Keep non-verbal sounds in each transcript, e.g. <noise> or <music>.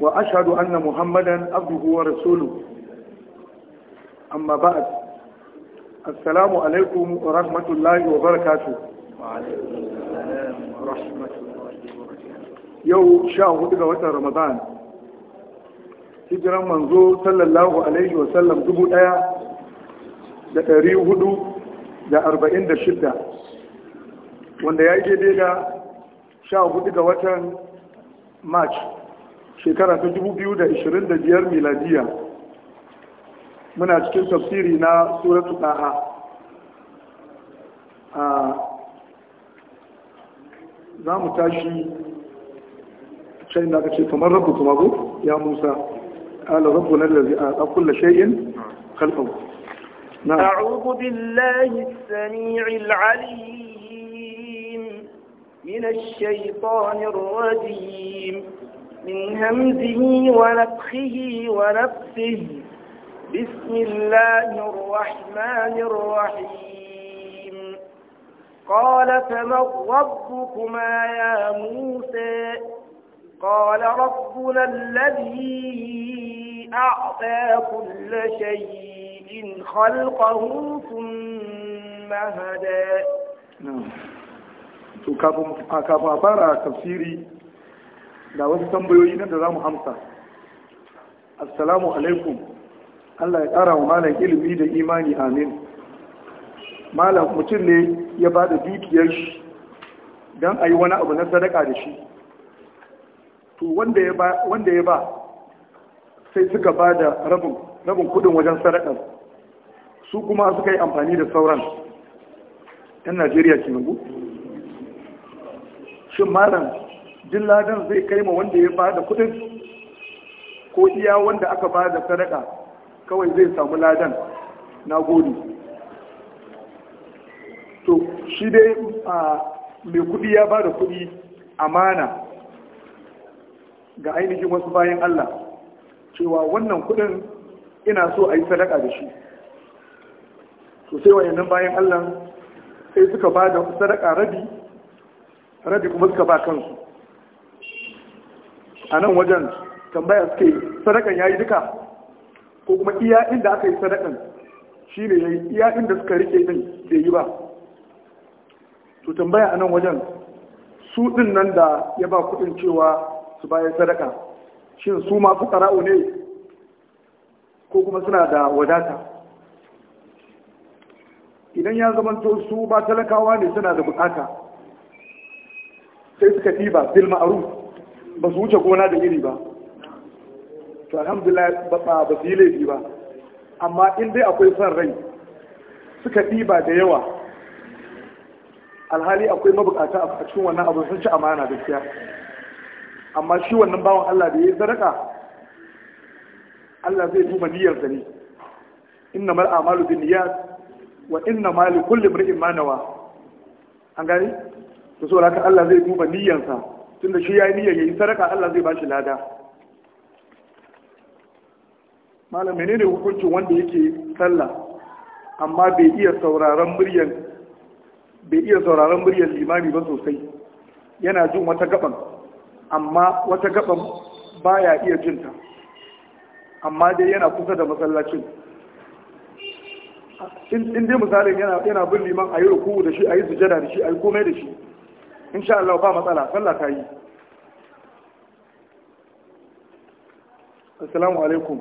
Wa أن محمدا عبده ورسوله أما بعد السلام عليكم ورحمة الله وبركاته وعليكم السلام ورحمة الله وبركاته يو شاهو رمضان manzo sallallahu alaihi wasallam dubu ɗaya da ɗari hudu da arba'in da shida. wanda ya yi daidai da sha hudu ga watan march shekara ta 2025 miladiya muna cikin tafsiri na suratu ɗaha a za mu tashi can da aka ce kamar rabu kuma bu ya musa ala rabu na da a kulla shayin kalfan أعوذ بالله السميع العليم من الشيطان الرجيم من همزه ونفخه ونفسه بسم الله الرحمن الرحيم قال فمن ربكما يا موسى قال ربنا الذي أعطى كل شيء خلقه ثم هدى. نعم. kafin a أبارا تفسيري ga wasu tambayoyi nan da za mu amsa assalamu alaikum Allah ya ƙara wa malam ilimi da imani amin malam mutum ne ya ba da dukiyar shi don a yi wani abu na sadaka da shi to wanda ya ba sai suka ba da rabin kudin wajen sadakar su kuma suka yi amfani da sauran yan najeriya ke nugu shin malam jin ladan zai kai ma wanda ya bada kuɗin, kudin ko iya wanda aka bada sadaka kawai zai samu ladan na gode to shi dai a mai kudi ya bada kuɗi kudi amana ga ainihin wasu bayan Allah cewa wannan kudin ina so a yi sadaka da shi to sai wayannan bayan Allah sai suka ba sadaka rabi rabi kuma suka ba kansu a nan wajen tambaya suke sadakan ya yi duka ko kuma iya inda aka yi sadakan shi ne iya inda suka rike din da yi ba to tambaya a nan wajen su din nan da ya ba kudin cewa su bayan sadaka shin su ma fukara'u ne ko kuma suna da wadata idan ya zamanto su ba talakawa ne suna da bukata sai suka ɗiba bil ma'ruf ba su wuce gona da iri ba to alhamdulillah ba ba su yi laifi ba amma in dai akwai son rai suka ɗiba da yawa alhali akwai mabukata a cikin wannan abu sun ci amana da gaskiya amma shi wannan bawan Allah da ya sadaka Allah zai duba niyyar da ne inna mar amalu bin niyyat wa inna ma li kulli imrin ma nawa an gani to saboda haka Allah zai duba niyyarsa Tun da shi ya yi niyyar yayi sadaka Allah zai bashi lada malam ne hukuncin wanda yake sallah amma bai iya sauraron muryar bai iya sauraron limami ba sosai yana jin wata gaban amma wata gaban baya iya jinta amma dai yana kusa da masallacin in dai misalin yana bin liman a yi ruku da shi a yi sujada da shi a yi komai da shi insha Allah ba matsala sallah ta yi assalamu alaikum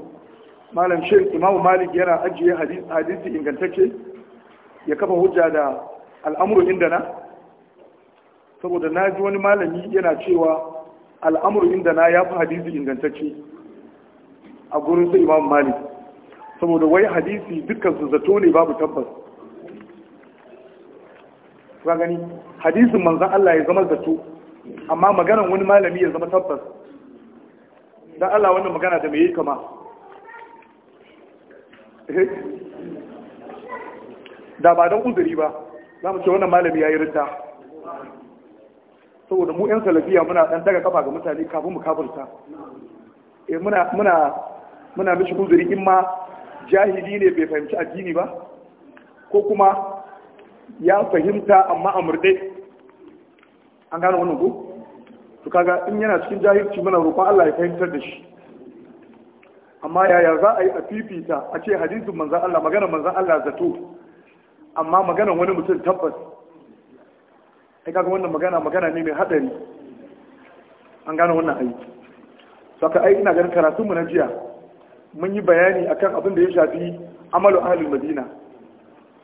malam shek imam malik yana ajiye hadisi ingantacce ya kafa hujja da al'amuru inda na saboda na ji wani malami yana cewa al'amuru inda na ya fi hadisi ingantacce a gurin sai imam malik saboda wai hadisi dukkan su zato ne babu tabbas ka gani hadisin manzan Allah ya zama zato amma maganan wani malami ya zama tabbas don Allah wannan magana da mai yi kama eh? da ba don uzuri ba za mu ce wannan malami ya yi rinta saboda mu 'yan salafiya muna ɗan daga kafa ga mutane kafin mu kafirta eh, muna mishi uzuri in ma jahili ne bai fahimci addini ba ko kuma ya fahimta amma a murɗe an gane wannan ku? to kaga in yana cikin jahilci mana, roƙon Allah ya fahimtar da shi amma yaya za a yi a fifita a ce hadisin manzan Allah magana manzan Allah zato amma maganan wani mutum tabbas ai kaga wannan magana magana ne mai hadari an gane wannan aiki saka ai ina ganin karatun mu na jiya mun yi bayani akan abin da ya shafi amalu ahlul madina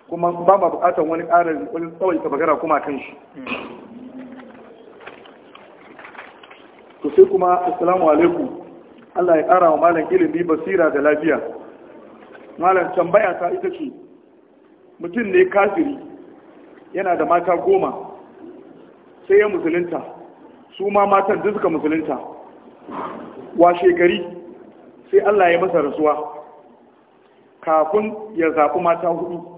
kuma ba ma bukatar wani ƙarin wani tsawaita magana kuma kan shi to sai kuma assalamu alaikum Allah ya kara wa malam ilimi basira da lafiya malam tambaya ta ita ce mutum ne kafiri yana da mata goma sai ya musulunta su ma matan duk suka musulunta Wa gari sai Allah ya masa rasuwa kafin ya zafi mata hudu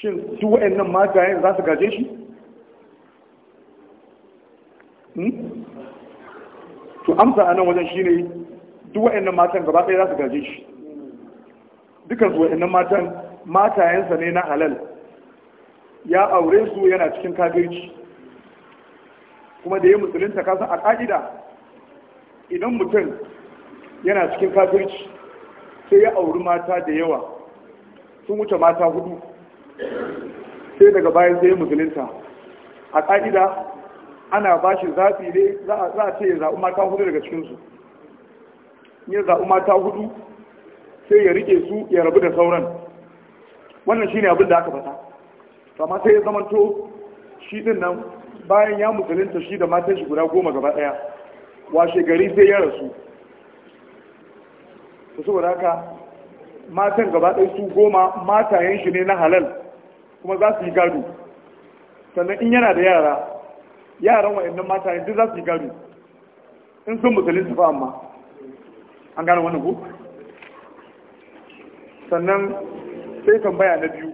shin su nan magayen za su gaje shi hmm? to amsa a nan wajen shine duk nan matan gaba ɗaya za su gaje shi dukan su nan matan matayensa ne na halal ya aure su yana cikin kagirci kuma da ya musulunta kasan a ƙa'ida idan mutum yana cikin kagirci sai ya auri mata da yawa sun wuce mata hudu sai daga bayan sai musulunta a ƙa'ida ana ba shi zafi ne za a ce ya zaɓi mata hudu daga cikinsu ya za'u mata hudu sai ya rike su ya rabu da sauran wannan shine abin da aka fata amma sai ya zamanto shi din nan bayan ya musulunta shi da matan shi guda goma gaba daya washe gari sai ya rasu saboda haka matan gaba ɗaya su goma matayen shi ne na halal kuma za su yi gado sannan in yana da yara yaran wa'annan mata duk za su yi gado in sun musulun su fa amma an gano wani ku sannan sai tambaya na biyu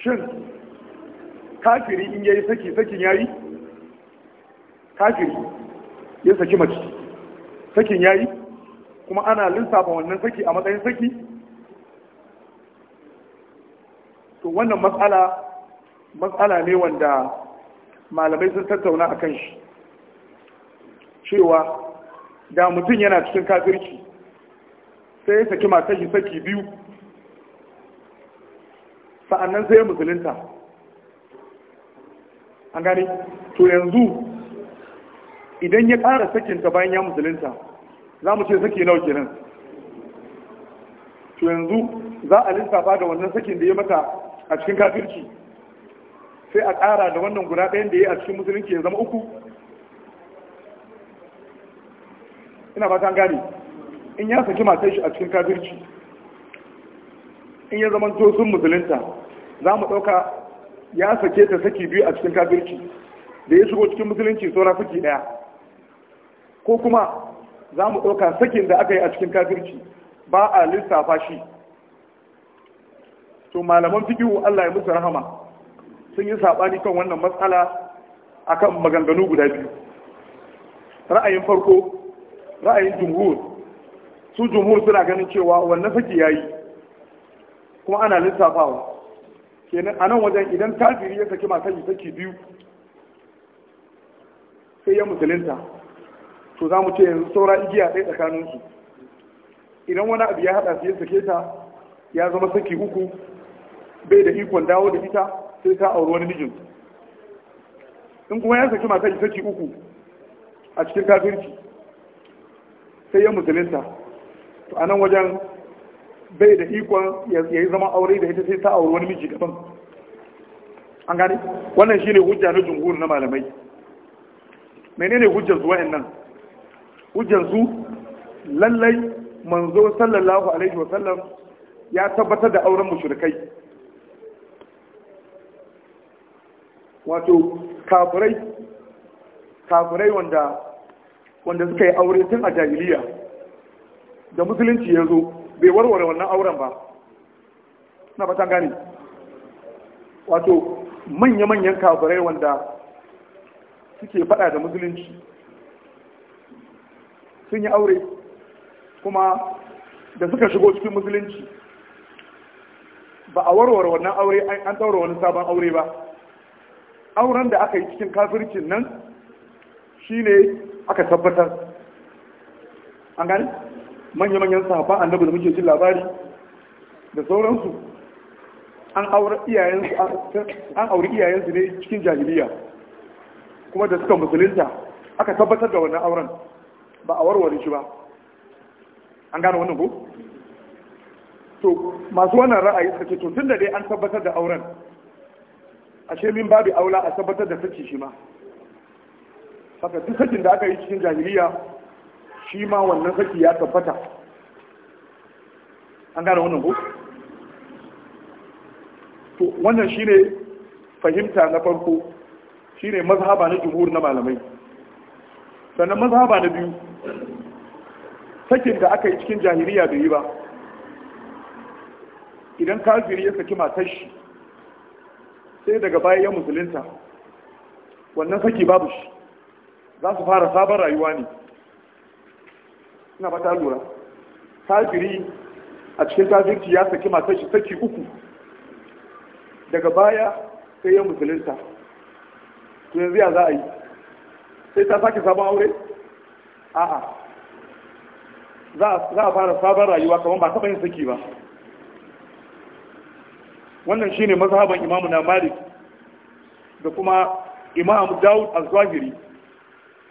shin kafiri in yayi saki sakin yayi kafiri ya saki mace sakin yayi kuma ana lissafa wannan saki a matsayin saki to wannan matsala matsala ne wanda malamai sun tattauna a kan shi cewa da mutum yana cikin kafirci sai ya saki matashi saki biyu sa'annan sai ya musulunta an gani to yanzu idan ya ƙara sakinta bayan ya musulunta za mu ce saki nau kenan to yanzu za a lissafa da wannan sakin da ya mata a cikin kafirci sai a ƙara da wannan guda ɗayan da ya yi a cikin musulunci ya zama uku ina ta gane in ya saki matar shi a cikin kafirci in ya zama tosun musulunta za mu ɗauka ya sake ta saki biyu a cikin kafirci da ya shigo cikin musulunci saura saki ɗaya ko kuma za mu ɗauka sakin da aka yi a cikin kafirci ba a lissafa shi to malaman fikihu Allah ya musu rahama sun yi saɓani kan wannan matsala akan maganganu guda biyu ra'ayin farko ra'ayin jumhur su jumhur suna ganin cewa wannan saki yayi kuma ana lissafawa kenan a nan wajen idan kafiri ya saki matan yi saki biyu sai ya musulunta to za mu ce yanzu saura igiya ɗaya tsakaninsu idan wani abu ya haɗa su ya sake ta ya zama saki uku bai da ikon dawo da ita sai ta auri wani mijin in kuma ya saki mata ita uku a cikin kafirci sai ya musulunta to a nan wajen bai da ikon ya yi zama aure da ita sai ta auri wani miji gaban an gane wannan shine hujja na jumhur na malamai menene hujjar zuwa nan hujjar su lallai manzo sallallahu alaihi wasallam ya tabbatar da auren mushrikai wato kafirai kafirai wanda wanda suka yi aure tun a jahiliya da musulunci ya zo bai warware wannan auren ba na fata gane wato manya-manyan kafirai wanda suke fada da musulunci sun yi aure kuma da suka shigo cikin musulunci ba a warware wannan aure an ɗaura wani sabon aure ba auren da aka yi cikin kafircin nan shine aka tabbatar an gani manya-manyan sahaba annabi da muke cin labari da sauransu an auri iyayensu ne cikin jahiliya kuma da suka musulunta aka tabbatar da wannan auren ba a warware shi ba an gano wannan ko to masu wannan ra'ayi suka ce tun da dai an tabbatar da auren ashe min babu aula a tabbatar da saki shi ma haka duk sakin da aka yi cikin jahiliya shi ma wannan saki ya tabbata an gane wannan ko to wannan shine fahimta na farko shine mazhaba na jumhur na malamai sannan mazhaba na biyu sakin da aka yi cikin jahiliya bai yi ba idan kafiri ya saki matar shi sai daga baya ya musulunta wannan saki babu shi za su fara sabon rayuwa ne ina ba ta lura kafiri a cikin kafirci ya saki masu shi saki uku daga baya sai ya musulunta to yanzu ya za a yi sai ta sake sabon aure a'a za a fara sabon rayuwa kamar ba taɓa yin saki ba wannan shine mazhaban imamu na malik da kuma imam daud al-zahiri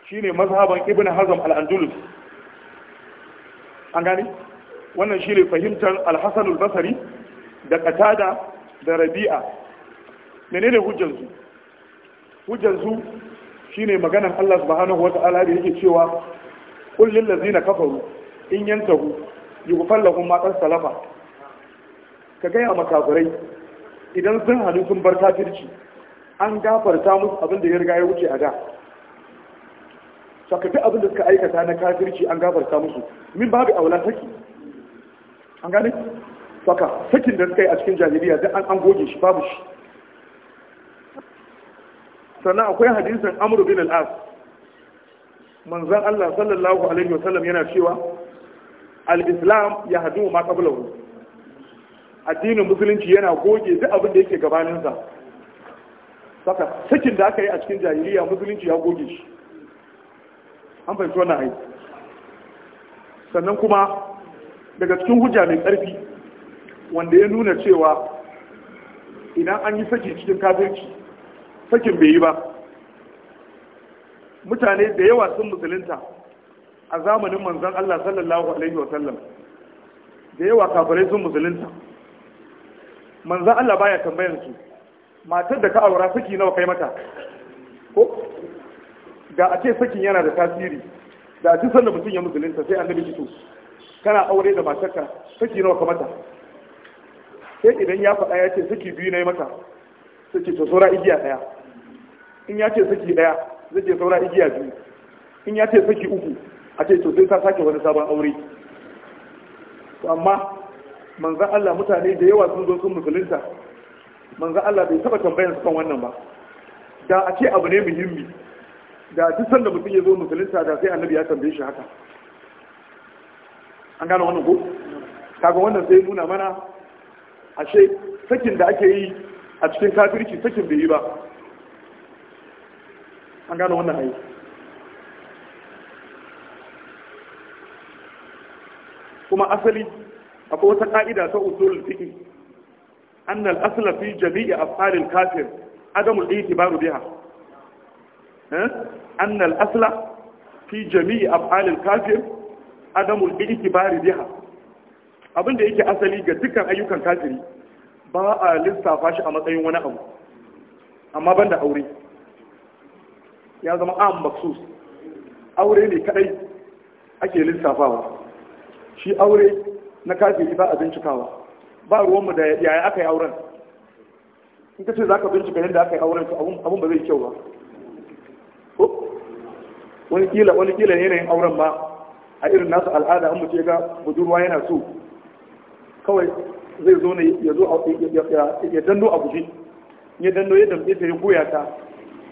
shine mazhaban ibn hazm al-andalus an gani wannan shine fahimtar al-hasan al-basri da qatada da rabi'a menene hujjar su hujjar su shine maganar Allah subhanahu wata'ala da yake cewa qul lil ladzina kafaru in yantahu yughfar lahum ma qad salafa ka gaya ya makafirai idan sun hannu sun bar kafirci an gafarta musu abin da ya riga ya wuce a da Sakafi abin da suka aikata na kafirci an gafarta musu min babu aula saki an gane saka sakin da suka yi a cikin jahiliya da an an goge shi babu shi sannan akwai hadisin amru bin al-as manzon Allah sallallahu alaihi wasallam yana cewa al-islam yahdu ma qablahu addinin musulunci yana goge duk abin da yake gabaninsa saka sakin da aka yi a cikin jahiliya musulunci ya goge shi an fahimci wannan aiki sannan kuma daga cikin hujja mai ƙarfi wanda ya nuna cewa idan an yi saki cikin kafirci sakin bai yi ba mutane da yawa sun musulunta a zamanin manzan Allah sallallahu alaihi wasallam da yawa kafirai sun musulunta manzan Allah baya tambayar su matar da ka aura saki nawa kai mata ko ga a ce sakin yana da tasiri da a ci sannan mutum ya musulunta sai annabi to? kana aure da matar ka saki nawa ka mata sai idan ya faɗa ya ce saki biyu na yi mata sai ce to saura igiya ɗaya in ya ce saki ɗaya zai ce saura igiya biyu in ya ce saki uku a ce to sai ta sake wani sabon aure amma manzan Allah mutane da yawa sun zo sun musulunta manzan Allah bai saba tambayan su kan wannan ba da a ce abu ne muhimmi da duk sanda mutum ya zo musulunta da sai annabi ya tambaye shi haka an gano wannan ko kaga wannan sai nuna mana ashe sakin da ake yi a cikin kafirci sakin bai yi ba an gano wannan ayi kuma asali akwai wata ka'ida ta usul fiqi an al asla fi jami'i af'al al kafir adam al itibar biha eh? an al asla fi jami'i af'al al kafir adam al itibar biha abinda yake asali ga dukkan ayyukan kafiri ba a lissafa shi a matsayin wani abu amma banda aure ya zama am maksus aure ne kadai ake lissafawa shi aure na kafiri ba a bincikawa ba ruwanmu da yaya aka yi auren in ka ce za ka bincika yadda aka yi auren abin abun ba zai kyau ba wani kila wani kila yanayin auren ba a irin nasu al'ada an mace ga budurwa yana so kawai zai zo ne ya zo ya dando a guje ya dando ya dambe ta ya goya ta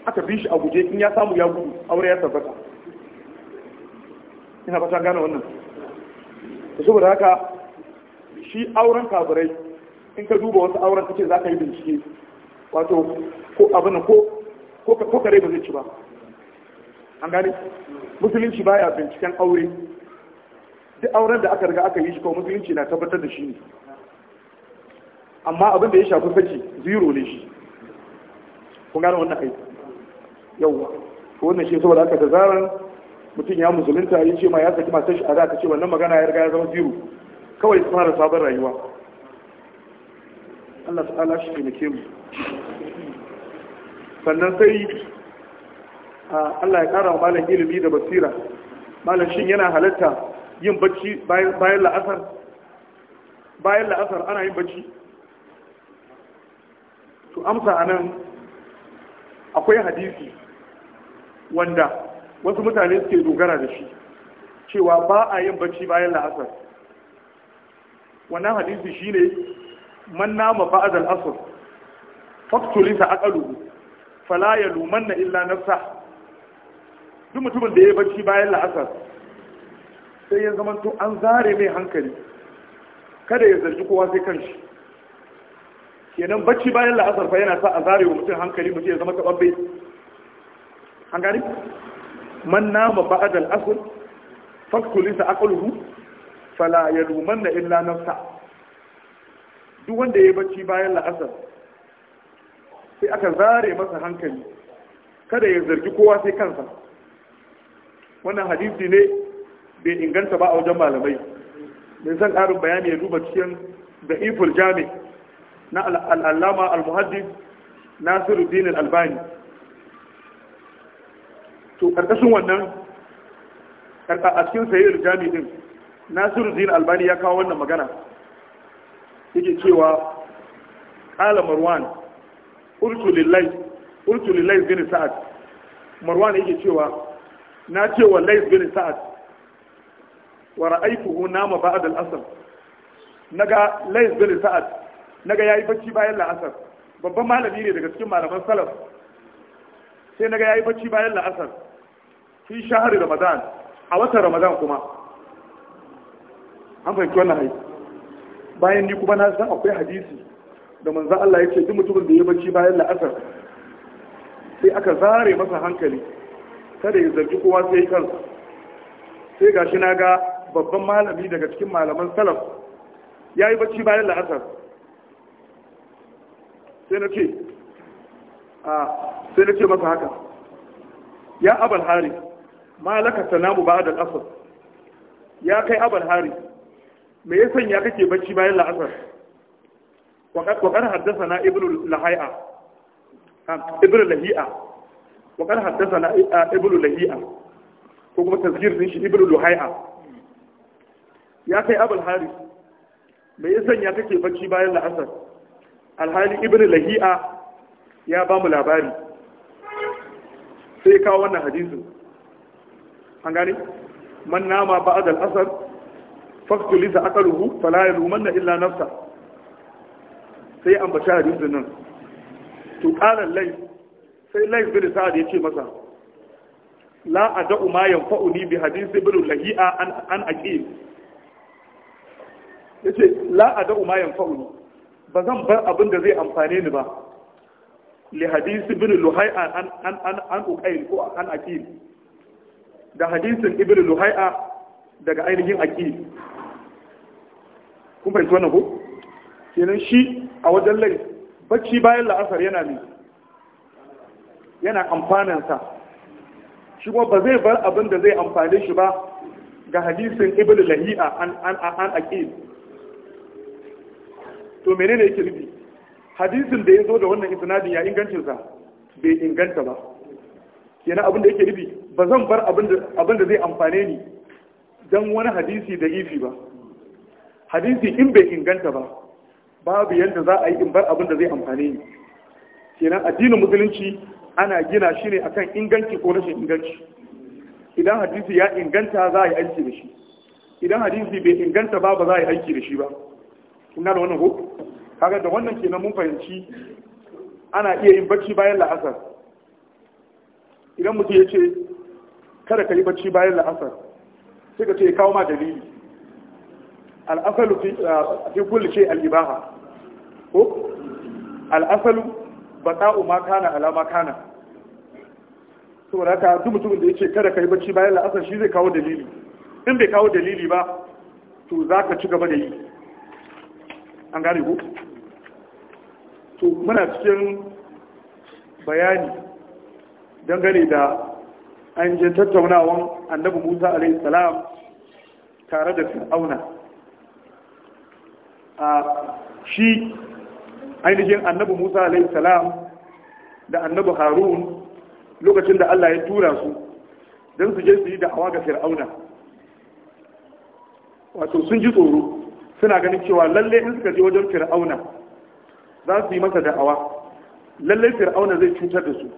aka bi shi a guje in ya samu ya gudu aure ya tabbata ina ba ta gane wannan da saboda haka shi auren kabirai in ka duba wasu auren kace za ka yi bincike wato ko abin ko ko kare ba zai ci ba an gane musulunci baya binciken aure duk auren da aka riga aka yi shi ko musulunci na tabbatar da shi ne amma abin da ya shafi saki zero ne shi kun gane wannan aiki yawwa ko wannan shi saboda aka da zaran mutum ya musulunta ya ce ma ya saki masu shi a da ka ce wannan magana ya riga ya zama zero kawai su fara sabon rayuwa Allah ala shi mu sannan sai Allah ya kara wa malam ilimi da basira malam shi yana halatta yin bacci bayan la'asar bayan la'asar ana yin bacci to amsa anan akwai hadisi wanda wasu mutane suke dogara da shi cewa ba a yin bacci bayan la'asar wannan hadisi shine man nama ba'd al-asr faktulisa aqaluhu fala yalumanna illa nafsa duk mutumin da ya bacci bayan la'asar sai ya zama to an zare mai hankali kada ya zargi kowa sai kanshi kenan bacci bayan la'asar fa yana sa a zare wa mutum hankali mutum ya zama tababbe an gani man nama ba'd al-asr faktulisa aqaluhu fala ya luman da illa nafsa duk wanda ya bacci bayan la'asar sai aka zare masa hankali kada ya zargi kowa sai kansa wannan hadisi ne bai inganta ba a wajen malamai mai zan ƙarin bayani ya duba cikin da ifil jami na al'allama al-muhaddis nasiru dinin albani to ƙarƙashin wannan a cikin sayar jami din nasiru zin albani ya kawo wannan magana yake cewa ƙala marwan urtu lillai bin sa'ad marwan yake cewa na ce wa lais bin sa'ad wa ra'aituhu nama ba'd al-asr naga lais bin sa'ad naga yayi bacci bayan la'asar babban malami ne daga cikin malaman salaf sai naga yayi bacci bayan la'asar fi shahri ramadan a watan ramadan kuma an fahimci wannan aiki bayan ni kuma na san akwai hadisi da manzan Allah ya ce duk mutumin da ya bacci bayan la'asar sai aka zare masa hankali kada ya zargi kowa sai kansa sai ga shi na ga babban malami daga cikin malaman salaf ya yi bacci bayan la'asar sai na ce sai na ce masa haka ya abal hari ma laka tanamu ba da asar ya kai abal hari me ya sanya kake bacci bayan la'asar wa haddasa na ibnu lahi'a ibnu lahi'a wa haddasa na ibnu lahi'a ko kuma tazkir din shi ibnu lahi'a ya kai abul haris me ya sanya kake bacci bayan la'asar alhali ibnu lahi'a ya ba mu labari sai kawo wannan hadisin an gani. man nama ba'ad al-asr fasto lisa aka falaye ruman na illa nafsa sai an bace hadisun nan to qala lai sai lay da sa'ad ce masa la da'u ma ni bi hadisi bin lahi'a an an ya ce la da'u ma yanfa'uni ba zan bar abin da zai amfane ni ba li hadisi bin luhai'a an an an ko an aqil da hadisin ibn luhai'a daga ainihin aqil kun fahimci wannan ko kenan shi a wajen lai bacci bayan la'asar yana ne yana amfanansa shi kuma ba zai bar abin da zai amfane shi ba ga hadisin ibn lahi'a an an an aqil to menene yake nufi hadisin da ya zo da wannan isnadin ya sa bai inganta ba kenan abin da yake nufi ba zan bar abin da zai amfane ni dan wani hadisi da ifi ba hadisi in bai inganta ba babu yadda za a yi in bar abin da zai amfani ni kenan addinin musulunci ana gina shi ne akan inganci ko rashin inganci idan hadisi ya inganta za a yi aiki da shi idan hadisi bai inganta ba ba za a yi aiki da shi ba ina da wannan ko kaga da wannan kenan mun fahimci ana iya yin bacci bayan la'asar idan mutum ya ce kada ka yi bacci bayan la'asar sai ka ce ya kawo ma dalili al'asalu fi kulli ce al ko al'asalu bata'u ma kana ala ma kana saboda duk mutumin da yake kada kai bacci bayan la'asar shi zai kawo dalili in bai kawo dalili ba to za ka ci gaba da yi an gane ku to muna cikin bayani dangane da an je tattaunawan annabi Musa alaihi salam tare da Fir'auna shi ainihin annabi musa alaihi salam da annabi harun lokacin da allah ya tura su don su je su yi da'awa ga fir'auna wato sun ji tsoro suna ganin cewa lalle in suka je wajen fir'auna za su yi masa da'awa lalle fir'auna zai cutar da su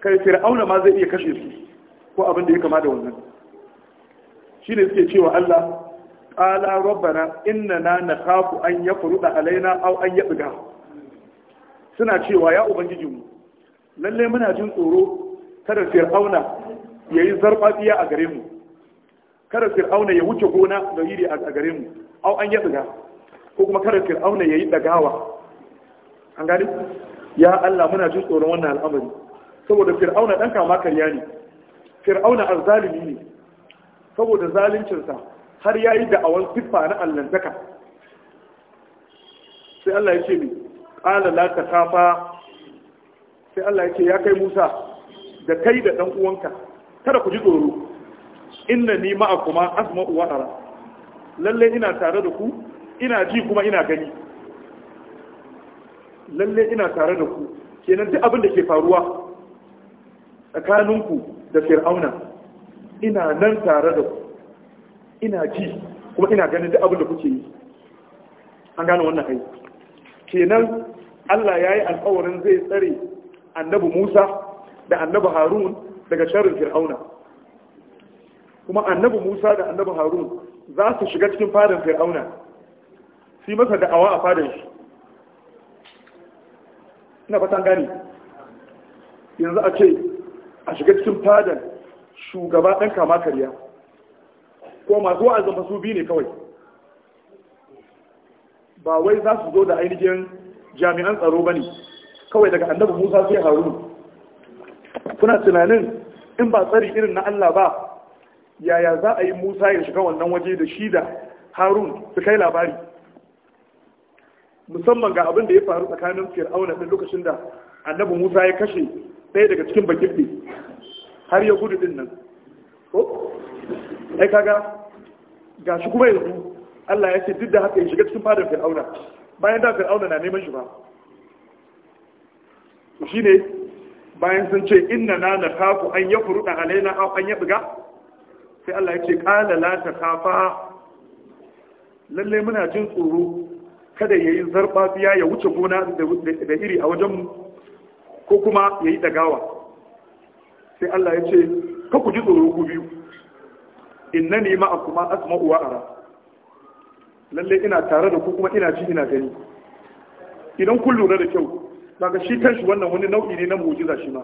kai fir'auna ma zai iya kashe su ko abin da ya kama da wannan shi ne suke cewa allah qala rabbana innana nakhafu an yafruda alaina aw an yabga suna cewa ya ubangijinmu lalle muna jin tsoro kada fir'auna yayi zarfafiya a gare mu kada fir'auna ya wuce gona da yiri a gare mu aw an yabga ko kuma kada fir'auna yayi dagawa an gani ya Allah muna jin tsoron wannan al'amari saboda fir'auna dan kama karya ne fir'auna azzalimi ne saboda zaluncinsa har yayi da'awan siffa na allantaka sai Allah ya ce mi qala la takafa sai Allah ya ce ya kai Musa da kai da dan uwanka kada ku ji tsoro inna ni ma'akuma asma wa ara lalle ina tare da ku ina ji kuma ina gani lalle ina tare da ku kenan duk abin da ke faruwa tsakaninku da fir'auna ina nan tare da ku ina ji kuma ina ganin duk abin da kuke yi an gane wannan kai kenan Allah ya yi alkawarin zai tsare annabi Musa da annabi Harun daga sharrin Fir'auna kuma annabi Musa da annabi Harun za su shiga cikin fadan Fir'auna su yi masa da'awa a fadan shi ina fatan gani yanzu a ce a shiga cikin fadan shugaba ɗan kama karya ko masu wa'azin su biyu ne kawai ba wai za su zo da ainihin jami'an tsaro ba ne kawai daga annabi musa sai haru kuna tunanin in ba tsari irin na allah ba yaya za a yi musa ya shiga wannan waje da shi da harun su kai labari musamman ga abin da ya faru tsakanin fir'auna ɗin lokacin da annabi musa ya kashe ɗaya daga cikin bakin har ya gudu ɗin nan ko ai kaga ga shi kuma yanzu Allah ya ce duk da haka ya shiga cikin fadar fir'auna bayan da fir'auna na neman shi ba to shine bayan sun ce inna na na kafu an ya furuɗa alaina aw an ya buga sai Allah ya ce qala la khafa lalle muna jin tsoro kada yayi zarba biya ya wuce gona da iri a wajen ko kuma yayi dagawa sai Allah ya ce ka ku ji tsoro ku biyu innani ma'akum asma'u wa ara lalle ina tare da ku kuma ina ji ina gani idan kun lura da kyau daga shi kanshi wannan wani nau'i ne na mu'jiza shi ma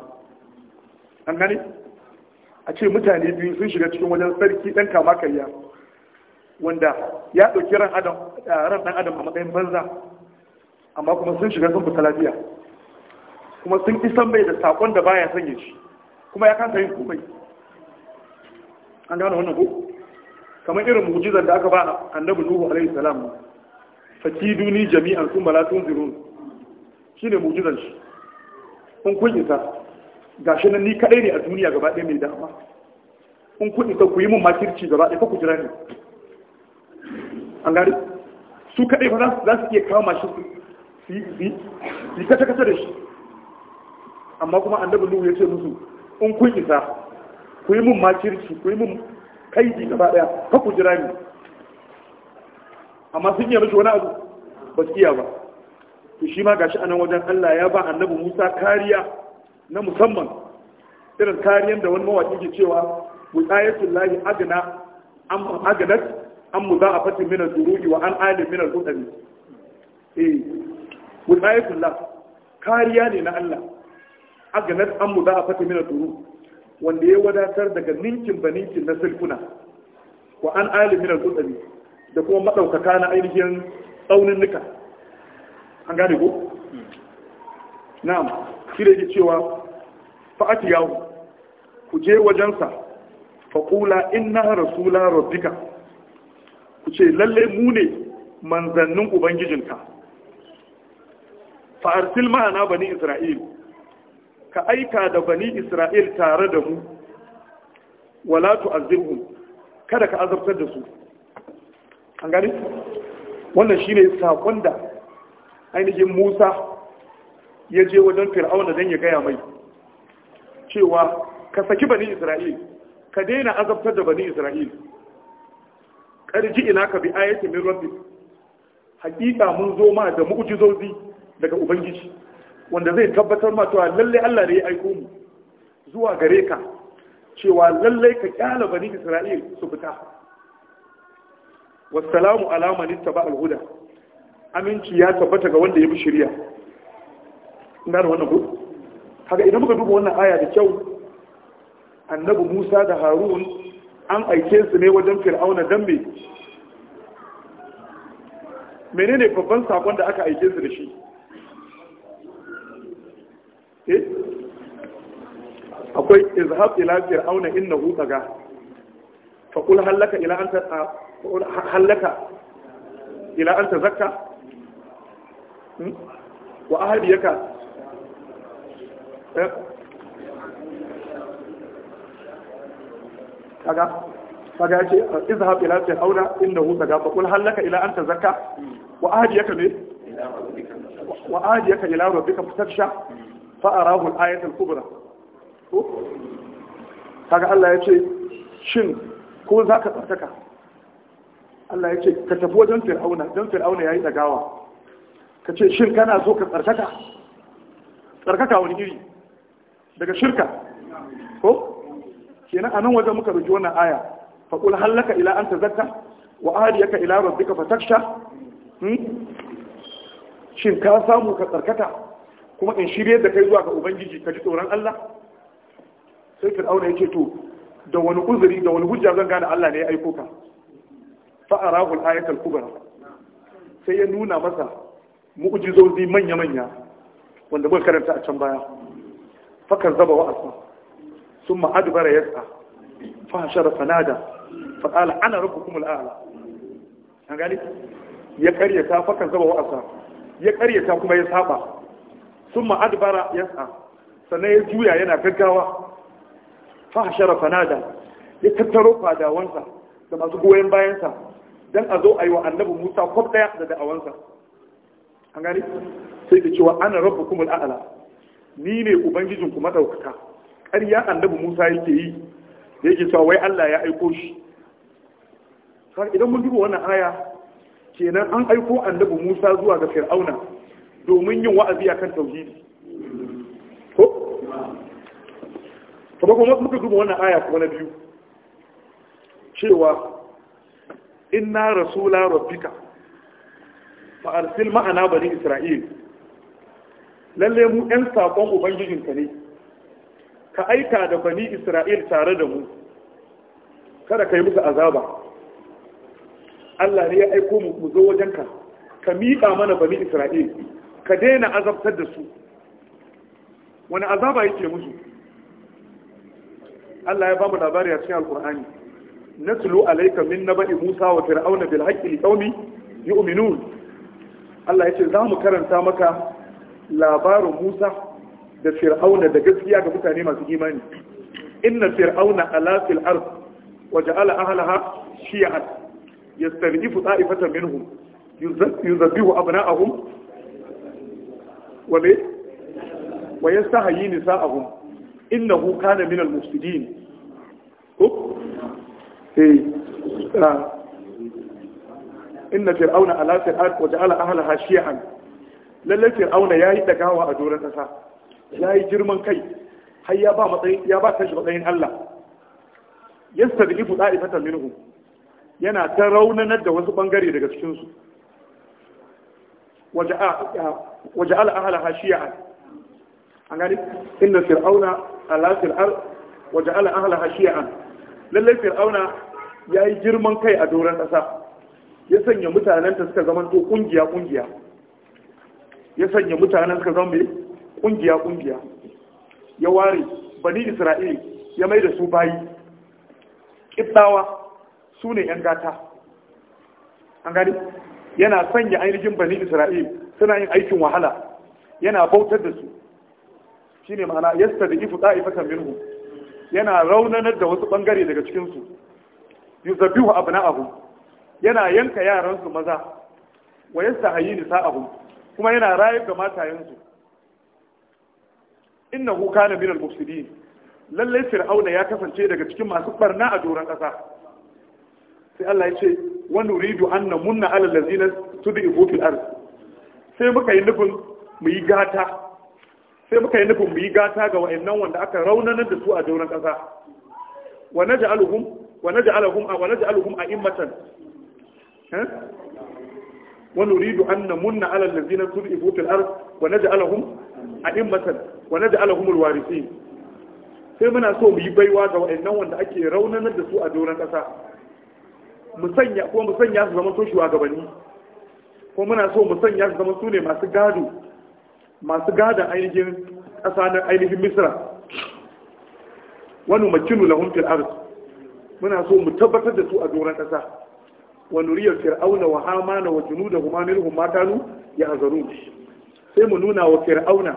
an gani a ce mutane biyu sun shiga cikin wajen sarki dan kama karya wanda ya dauki ran adam ran dan adam a matsayin banza amma kuma sun shiga sun fita lafiya kuma sun isan bai da sakon da baya sanya shi kuma ya kasa yin komai an gane wannan ko kamar irin mujizar da aka ba annabi nuhu alaihi salam fakiduni jami'an sun bala tun zirun shine mujizar shi kun kun isa gashi nan ni kadai ne a duniya gaba ɗaya mai dama kun kun isa ku yi mun makirci gaba ɗaya ku jira ni an gane su kadai fa za su iya kawo mashi su yi kace-kace da shi amma kuma annabi nuhu ya ce musu in kun isa ku yi mun makirci ku yi mun kaidi gaba daya ka ku jira ni amma sun yi mishi wani abu ba su iya ba to shi ma gashi anan wajen Allah ya ba annabi Musa kariya na musamman irin kariyan da wani mawaki ke cewa wiqayatul lahi agna am mu am a min ad-duru'i wa an alim min al-qudami eh wiqayatul lahi kariya ne na Allah mu am a min ad-duru'i wanda ya wadatar daga ninkin ba na sulkuna wa an alimin al qudsi da kuma madaukaka na ainihin tsaunin nika an gane ko na'am shi da yake cewa fa yawo ku je wajensa faƙula inna rasula rabbika ku ce lalle mu ne manzannin ubangijinka arsil ma'ana bani isra'il ka aika da bani isra'il tare da mu wala tu'azzibhum kada ka azabtar da su an gani wannan shine sakon da ainihin Musa ya je wajen Fir'auna dan ya gaya mai cewa ka saki bani Isra'il ka daina azabtar da bani Isra'il karji ina ka bi ayyakin min rabbik hakika mun zo ma da mu'jizozi daga ubangiji wanda zai tabbatar ma cewa lalle Allah ne ya aiko mu zuwa gare ka cewa lalle ka kyala bani Isra'il su fita wassalamu ala man ittaba al-huda aminci ya tabbata ga wanda ya bi shari'a ina da wannan ku kaga idan muka duba wannan aya da kyau annabi Musa da Harun an aike su ne wajen Fir'auna dan me menene babban sakon da aka aike su da shi Eh? akwai izhab ila fir'auna innahu taga fa qul halaka ila anta halaka ila anta zakka hmm? wa ahliyaka eh? kaga kaga ce izhab ila fir'auna innahu taga fa qul halaka ila anta zakka wa ahliyaka ne wa ahliyaka ila rabbika fatasha fa arahu al-ayat al-kubra ko Allah ya ce shin ko za ka tsarkaka Allah ya ce ka tafi wajen fir'auna don fir'auna ya yi dagawa ka ce shin kana so ka tsarkaka tsarkaka wani iri daga shirka ko kenan a nan wajen muka ruji aya fa qul hallaka ila an hmm? shin ka samu ka tsarkaka kuma in shirye da kai zuwa ga ubangiji ka ji tsoron Allah sai fir'auna ya ce to da wani uzuri da wani hujja zan gane Allah ne ya aiko ka fa arahu al-ayat al-kubra sai ya nuna masa mu'jizozi manya manya wanda muka karanta a can baya fa kazzaba wa asma thumma adbara yas'a fa shara fanada fa qala ana rabbukum al-a'la an gani ya karyata fa kazzaba wa asma ya karyata kuma ya saba sun ma'adbara yasa sannan ya juya yana gaggawa fahashara fanada ya tattaro fadawansa da masu goyon bayansa don a zo a yi wa annabi musa kwab ɗaya da da'awansa an gani sai da cewa ana rabu kuma al'ala ni ne ubangijinku maɗaukaka Karya annabi musa yake yi da yake cewa wai allah ya aiko shi idan mun duba wannan aya kenan an aiko annabi musa zuwa ga fir'auna domin yin wa'azi akan tauhidi ko kuma kuma muka duba wannan aya kuma na biyu cewa inna rasula rabbika fa arsil ma'ana bani isra'il lalle mu ɗan sakon ubangijinka ne ka aika da bani isra'il tare da mu kada ka yi musu azaba Allah ne ya aiko mu zo wajenka ka miƙa mana bani isra'il ka daina azabtar da su wani azaba yake musu Allah ya bamu labari a cikin alkur'ani natlu alayka min naba'i Musa wa fir'auna bil haqqi li qaumi yu'minun Allah yace za mu karanta maka labarin Musa da fir'auna da gaskiya ga mutane masu imani inna fir'auna ala fil ard wa ja'ala ahlaha shi'an yastadifu ta'ifatan minhum yuzabbihu abna'ahum wa me wa yastahi nisa'ahum innahu kana minal mufsidin ko eh ah. inna fir'auna ala fil ard wa ja'ala ahlaha shi'an lalle fir'auna yayi dagawa a doron kasa yayi girman kai har ya ba matsayin ya ba kanshi matsayin Allah yastadifu da'ifatan minhum yana ta raunanar da wasu bangare daga cikin su Waje ah, ah, waja'ala ahlaha shi'a an gani inna fir'auna ala fir'al waja'ala ahlaha shi'a lallai fir'auna ya yi girman kai a doron ƙasa. ya sanya mutanen ta suka zama ƙungiya-ƙungiya. ya sanya mutanen suka zama kungiya kungiya ya ware bani isra'il ya mai da su bayi ƙibdawa su ne 'yan gata an gani yana sanya ainihin bani isra'il suna yin aikin wahala yana bautar da su Shi ne ma'ana yasta da ifu ta'ifatan minhu yana raunanar da wasu bangare daga cikinsu. cikin abu na abu. yana yanka yaransu maza wa nisa abu? kuma yana rayar da matayensu su kuka na minal mufsidin Lallai fir'auna ya kasance daga cikin masu ɓarna a doron ƙasa. sai Allah ya ce Wani ridu, an munna, ala allazina tud'ifu fil ard sai muka yi nufin mu yi gata sai muka yi nufin mu yi gata ga wayannan wanda aka raunanar da su a dauran kasa wa naj'aluhum wa naj'aluhum wa naj'aluhum a'immatan eh? wa nuridu an namunna ala allazina tud'ifu fil ard a naj'aluhum a'immatan wa naj'aluhum alwarithin sai muna so mu yi baiwa ga wayannan wanda ake raunanar da su a dauran ƙasa. musanya ko mu sanya su zama sun gabani ko muna so mu sanya su zama su ne masu gado masu gada ainihin ƙasa na ainihin misra wani makinu lahun fil muna so mu tabbatar da su a doron ƙasa wani riyar fir'auna wa hamana wa junuda da humanin humatanu ya azaru, sai mu nuna wa fir'auna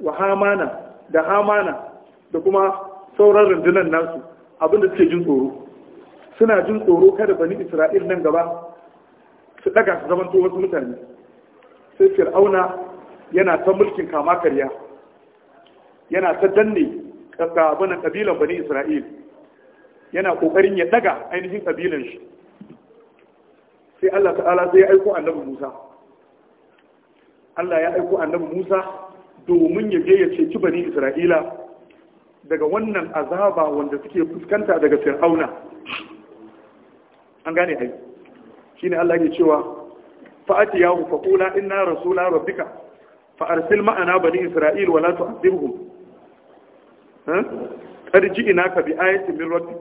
wa hamana da hamana da kuma sauran rundunan nasu abinda suke jin tsoro suna jin tsoro kada bani isra'il nan gaba su daga su to wasu mutane sai fir'auna yana ta mulkin kama karya yana ta danne kasabanan kabilan bani isra'il yana kokarin ya daga ainihin kabilan shi sai Allah ta'ala zai aiko annabi Musa Allah ya aiko annabi Musa domin ya je ya ceci bani Isra'ila daga wannan azaba wanda suke fuskanta daga Fir'auna an gane ai shine Allah yake cewa fa ya fa qula inna rasula rabbika fa arsil ma'ana bani isra'il wa la tu'adhibhum ha ina ka bi ayatin min rabbik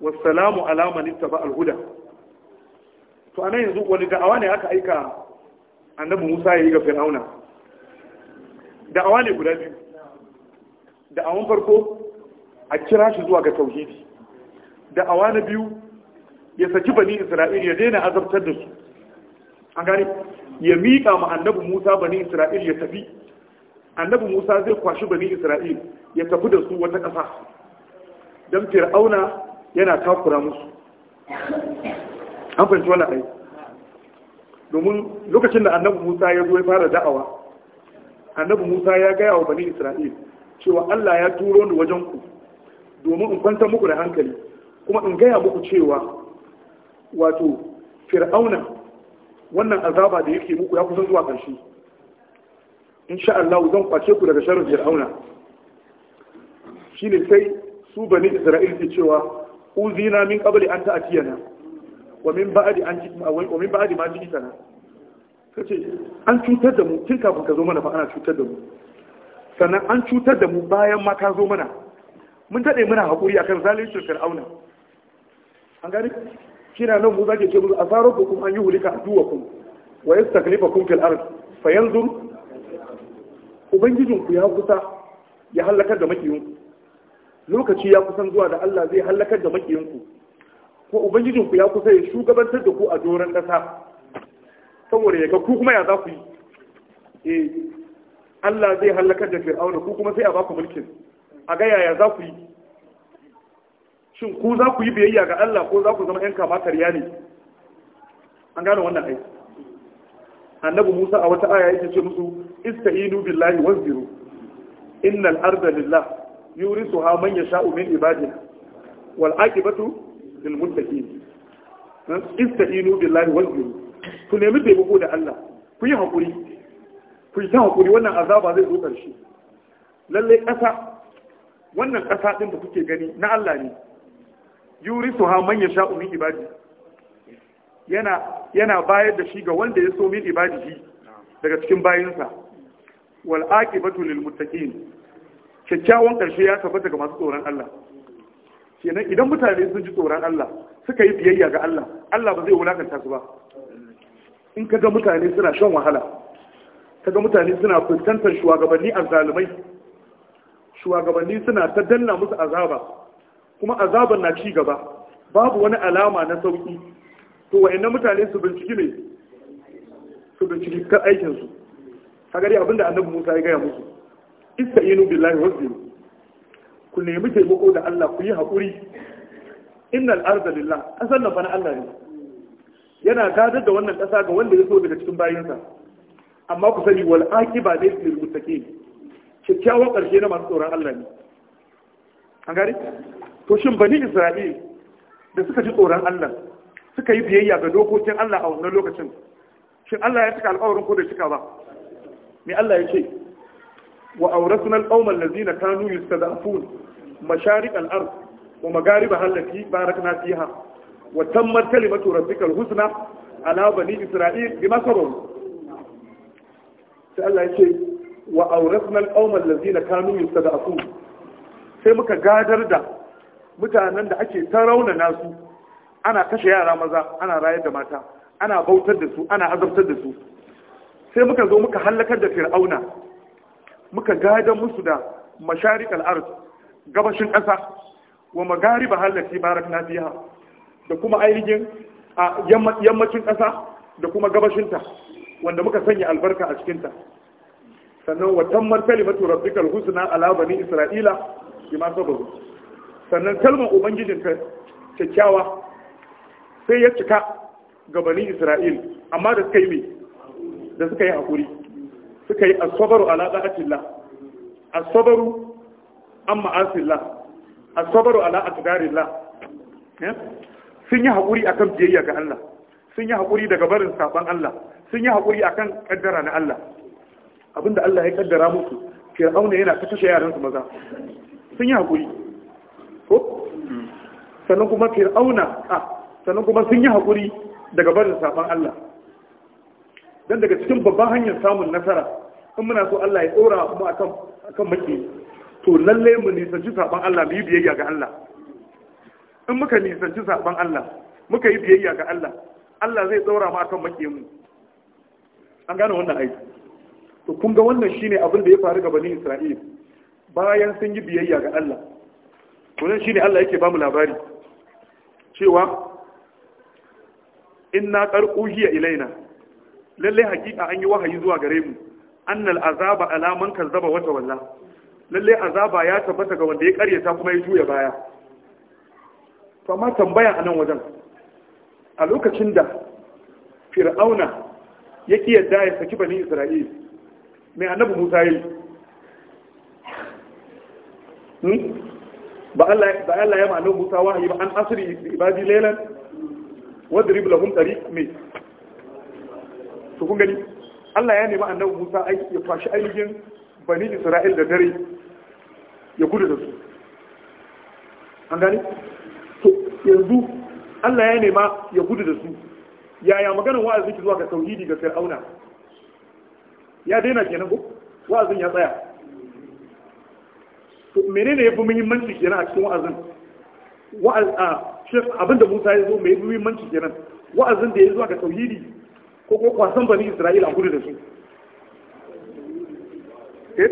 wassalamu ala man ittaba al-huda to anan yanzu wani da'awa ne aka aika annabi Musa yayi ga Fir'auna da'awa ne guda biyu da'awan farko a kira shi zuwa ga tauhidi da'awa na biyu ya saki bani isra'il ya daina azabtar da su an gari ya miƙa ma annabi musa bani isra'il ya tafi annabi musa zai kwashi bani isra'il ya tafi da su wata ƙasa don fir'auna yana takura musu an fahimci wani ai domin lokacin da annabi musa ya zo ya fara da'awa annabi musa ya gaya wa bani isra'il cewa allah ya turo ni wajen ku domin in kwanta muku da hankali kuma in gaya muku cewa wato fir'auna wannan azaba da yake muku ya kusan zuwa ƙarshe insha Allah zan kwace ku daga sharrin fir'auna shine sai su bani Isra'il ke cewa uzina min qabli an ta'tiyana wa min ba'di an ji'na wa min ba'di ma ji'tana kace an cutar da mu tun kafin ka zo mana fa ana cutar da mu sannan an cutar da mu bayan ma ka zo mana mun daɗe muna hakuri akan zaluncin fir'auna an gani kina nan mu zake ce musu kuma an yi duwa aduwakum wa kun fil ard fayanzur ubangijinku ya kusa ya halakar da ku. lokaci ya kusan zuwa da Allah zai halakar da ku. ko ubangijinku ya kusa ya shugabantar da ku a doron kasa saboda ya ga ku kuma ya za ku yi eh Allah zai halakar da fir'auna ku kuma sai a baku mulkin a ga yaya za ku yi shin ku za ku yi biyayya ga Allah ko za ku zama ‘yan kamatar karya ne an gane wannan aiki annabi musa a wata aya yake ce musu ista'inu billahi wasbiru innal arda lillah yurisuha man yasha'u min ibadihi wal aqibatu lil muttaqin ista'inu billahi wasbiru ku nemi taimako da Allah ku yi hakuri ku yi ta hakuri wannan azaba zai zo karshe lalle kasa wannan kasa din da kuke gani na Allah ne yurisu ha man yasha'u min ibadi yana yana bayar da shi ga wanda ya so min shi daga cikin bayinsa wal aqibatu lil muttaqin kyakkyawan karshe ya tabbata ga masu tsoron Allah kenan idan mutane sun ji tsoron Allah suka yi biyayya ga Allah Allah ba zai wulakanta su ba in kaga mutane suna shan wahala kaga mutane suna fuskantar shugabanni azzalumai shugabanni suna ta danna musu azaba kuma azaban na ci gaba babu wani alama na sauki to wa'annan mutane su binciki ne su binciki kan aikin su abinda annabi Musa ya gaya musu istainu billahi wasbiru ku nemi taimako da Allah ku yi haƙuri innal arda lillah asan fa na Allah ne yana gadar da wannan ƙasa ga wanda ya so daga cikin bayinsa amma ku sani wal aqiba ne lil muttaqin kyakkyawan ƙarshe na masu tsoron Allah ne an gari to shin bani isra'il da suka ji tsoron allah suka yi biyayya ga dokokin allah a wannan lokacin shin allah ya cika alkawarin ko da cika ba me allah ya ce wa aurasna alqawmal ladzina kanu yastad'afun masharik al-ard wa magharibaha allati barakna fiha wa tammat kalimatu rabbikal husna ala bani isra'il bima sabaru sai allah ya ce wa aurasna alqawmal ladzina kanu yastad'afun sai muka gadar da mutanen da ake ta raunana su ana kashe yara maza ana rayar da mata ana bautar da su ana azabtar da su sai muka zo muka hallakar da fir'auna muka gadar musu da masharik al'arz gabashin ƙasa wa magariba hallaki barakna fiha da kuma ainihin a yammacin ƙasa da kuma gabashinta wanda muka sanya albarka a cikinta sannan wa Tammar matu rabbikal husna ala bani isra'ila bima sabaru sannan kalmar ta kyakkyawa sai ya cika gabanin isra'il amma da suka yi mai da suka yi hakuri, suka yi asabaru ala da'atillah asabaru an ma'asillah asabaru ala la, eh? sun yi hakuri akan biyayya ga Allah sun yi hakuri daga barin saban Allah sun yi hakuri akan kaddara na Allah abinda Allah ya kaddara musu fir'auna yana ta kashe yaransu maza sun yi haƙuri ko sannan kuma fir'auna a sannan kuma sun yi haƙuri daga barin saban Allah don daga cikin babban hanyar samun nasara in muna so Allah ya tsora a akan maki to lalle mu nisanci saban Allah mu yi biyayya ga Allah in muka nisanci saban Allah muka yi biyayya ga Allah Allah zai tsora mu akan maki mu an gane wannan aiki to kun ga wannan shine abin da ya faru ga bani Isra'ila bayan sun yi biyayya ga Allah wannan shine Allah yake bamu labari cewa inna qarquhiya ilaina lalle hakika an yi wahayi zuwa gare mu annal azaba ala man kazzaba wa tawalla lalle azaba ya tabbata ga wanda ya karyata kuma ya juya baya to amma tambaya anan wajen a lokacin da fir'auna yake yadda ya saki bani isra'il mai annabi musa yayi Hmm? ba Allah ya ma'anar Musa wahayi ba an asiri ibadi lailan wadrib lahum tariq me to kun gani Allah ya nemi annabu Musa aiki ya fashi ainihin bani Isra'il da dare ya gudu da su an gani to yanzu Allah ya nema ya gudu da su yaya maganin wa'azin ki zuwa ga tauhidi ga Fir'auna ya daina kenan ko wa'azin ya tsaya to menene yafi muhimmanci kenan a cikin wa'azin wa'az a abinda Musa ya zo mai muhimmanci kenan wa'azin da ya zuwa ga tauhidi ko ko kwasan bani Isra'ila a gudu da su eh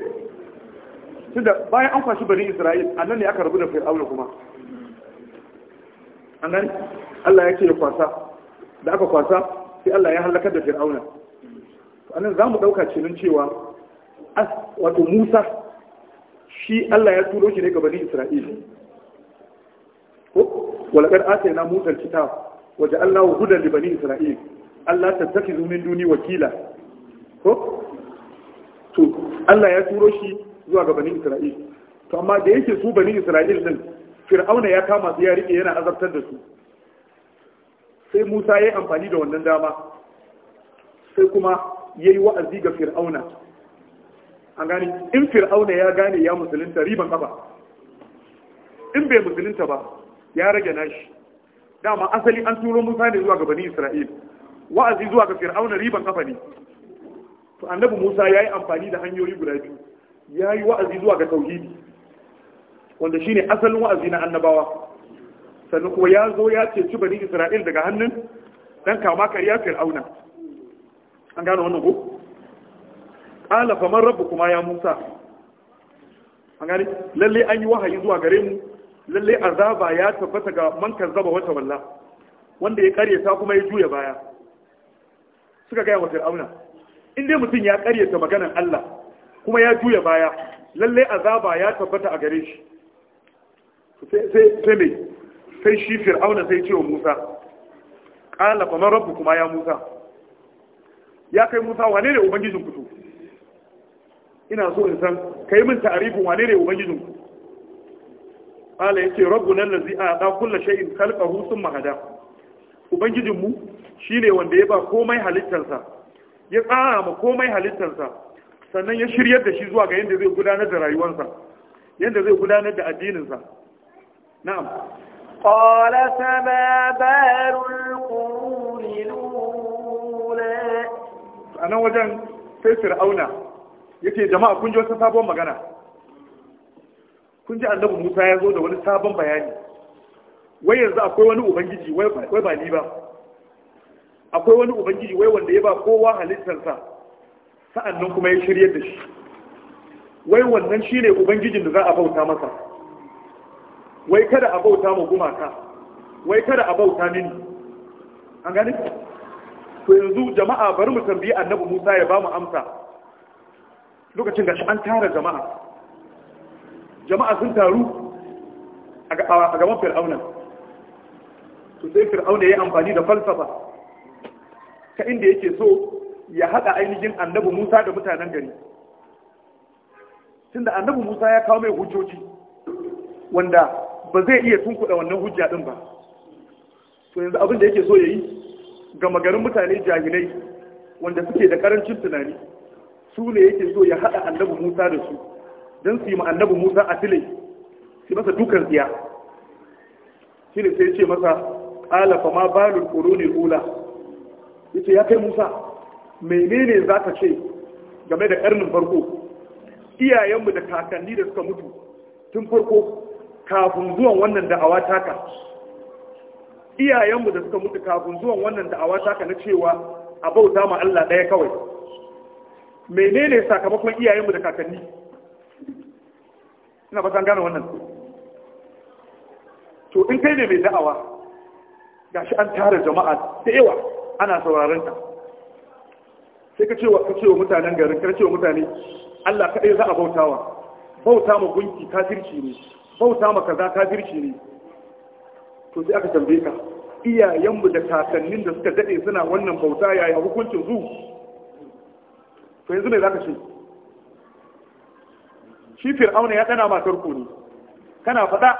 tunda bayan an kwashi bani Isra'il annan ne aka rabu da Fir'auna kuma annan Allah ya ce ya kwasa da aka kwasa sai Allah ya halakar da Fir'auna annan za mu ɗauka cinin cewa wato Musa shi Allah ya turo shi ne ga bani Isra'ila ko walaqad atayna Musa al-kitab wa Allahu hudan li bani Isra'il Allah ta tafi min duni wakila ko to Allah ya turo shi zuwa ga bani Isra'il to amma da yake su bani Isra'il din Fir'auna ya kama su ya rike yana azabtar da su sai Musa ya yi amfani da wannan dama sai kuma ya yi wa'azi ga Fir'auna an gane in fir'auna ya gane ya musulunta riban kafa in bai musulunta ba ya rage nashi dama asali an turo musa ne zuwa ga bani isra'il wa'azi zuwa ga fir'auna riban kafa ne to annabi musa ya yi amfani da hanyoyi guda biyu ya yi wa'azi zuwa ga tauhidi wanda shine asalin wa'azi na annabawa sannan kuma ya zo ya ceci bani isra'il daga hannun dan kama kariya fir'auna an gane wannan ko qala faman kuma ya musa A gani lalle an yi wahayi zuwa gare mu lalle azaba ya tabbata ga man zaba wata walla wanda ya karyata kuma ya juya baya suka gaya wa fir'auna in dai mutum ya karyata maganan Allah kuma ya juya baya lalle azaba ya tabbata a gare shi sai sai sai shi fir'auna sai ce wa Musa ƙala fa rabu kuma ya Musa ya kai Musa wane ne ubangijin ku ina so in san kai min ta'arifin wane ne ubangijin ku ala yace rabbuna allazi a'ta kullu shay'in khalqahu thumma hada ubangijin mu shine wanda ya ba komai halittarsa ya tsara ma komai halittarsa sannan ya shiryar da shi zuwa ga yanda zai gudanar da rayuwarsa yanda zai gudanar da addininsa na'am qala sama barul qurun lula anan wajen sai fir'auna Yake jama'a kun ji wata sabon magana kun ji annabi Musa ya zo da wani sabon bayani wai yanzu akwai wani ubangiji wai ba ni ba akwai wani ubangiji wai wanda ya ba kowa halittarsa sa'annan kuma ya shiryar da shi wai wannan shine ubangijin da za a bauta masa wai kada a bauta mu gumaka wai kada a bauta mini an gani? to yanzu jama'a bari mu tambayi annabi Musa ya ba mu amsa lokacin gashi an tara jama'a jama'a sun taru a gaban fir'auna to sai fir'auna ya yi amfani da falsafa ta inda yake so ya haɗa ainihin annabi musa da mutanen gari tunda annabi musa ya kawo mai hujjoji wanda ba zai iya tunkuɗa wannan hujja ɗin ba to yanzu abin da yake so ya yi ga magarin mutane jahilai wanda suke da ƙarancin tunani su ne yake zo ya haɗa annabi musa da su don su yi ma annabi musa a filai su masa dukan tsiya shi ne sai ce masa ƙala fa ma balul ƙoroni ula ya ce ya kai musa menene za ka ce game da ƙarnin farko iyayenmu da kakanni da suka mutu tun farko kafin zuwan wannan da'awa taka iyayenmu da suka mutu kafin zuwan wannan da'awa taka na cewa a bauta ma Allah ɗaya kawai menene sakamakon iyayenmu da kakanni ina ba gane wannan to in kai ne mai da'awa gashi an tara jama'a da yawa ana sauraron ka sai ka cewa ka cewa mutanen garin ka cewa mutane Allah kadai za a bautawa bauta ma gunki kafirci ne bauta ma kaza kafirci ne to sai aka tambaye ka iyayenmu da kakannin da suka dade suna wannan bauta yaya hukuncin su to yanzu za zaka ce shi fir'auna ya dana matar ko ne kana faɗa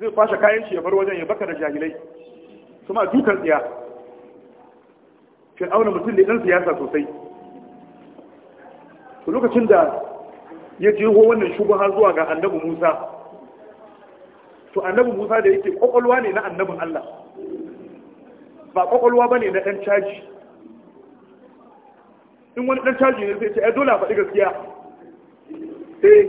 zai kwashe kayan shi ya bar wajen ya baka da jahilai kuma dukan tsiya fir'auna mutum ne dan siyasa sosai to lokacin da ya jeho wannan har zuwa ga annabi Musa to annabi Musa da yake kwakwalwa ne na annabin Allah ba kwakwalwa bane na dan caji in wani dan caji ne sai ce ai dole a faɗi gaskiya eh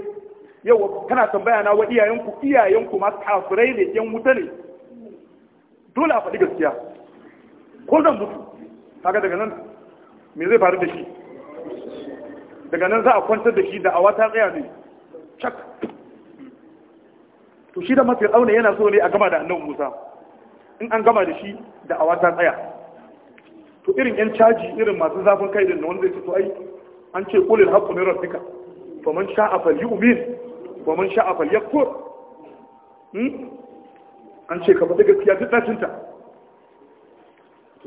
yau kana tambaya na wa iyayenku iyayenku ma kafirai ne yan wuta ne dole a faɗi gaskiya ko zan mutu kaga daga nan me zai faru da shi daga nan za a kwantar da shi da awa ta tsaya ne cak to shi da mafi auna yana so ne a gama da annabi Musa in an gama da shi da awa ta tsaya to irin yan caji irin masu zafin kai din da wanda zai to ai an ce kulil haqqu min rabbika man sha'a falyu'min man sha'a falyakfur hmm? an ce ka faɗi gaskiya duk dacinta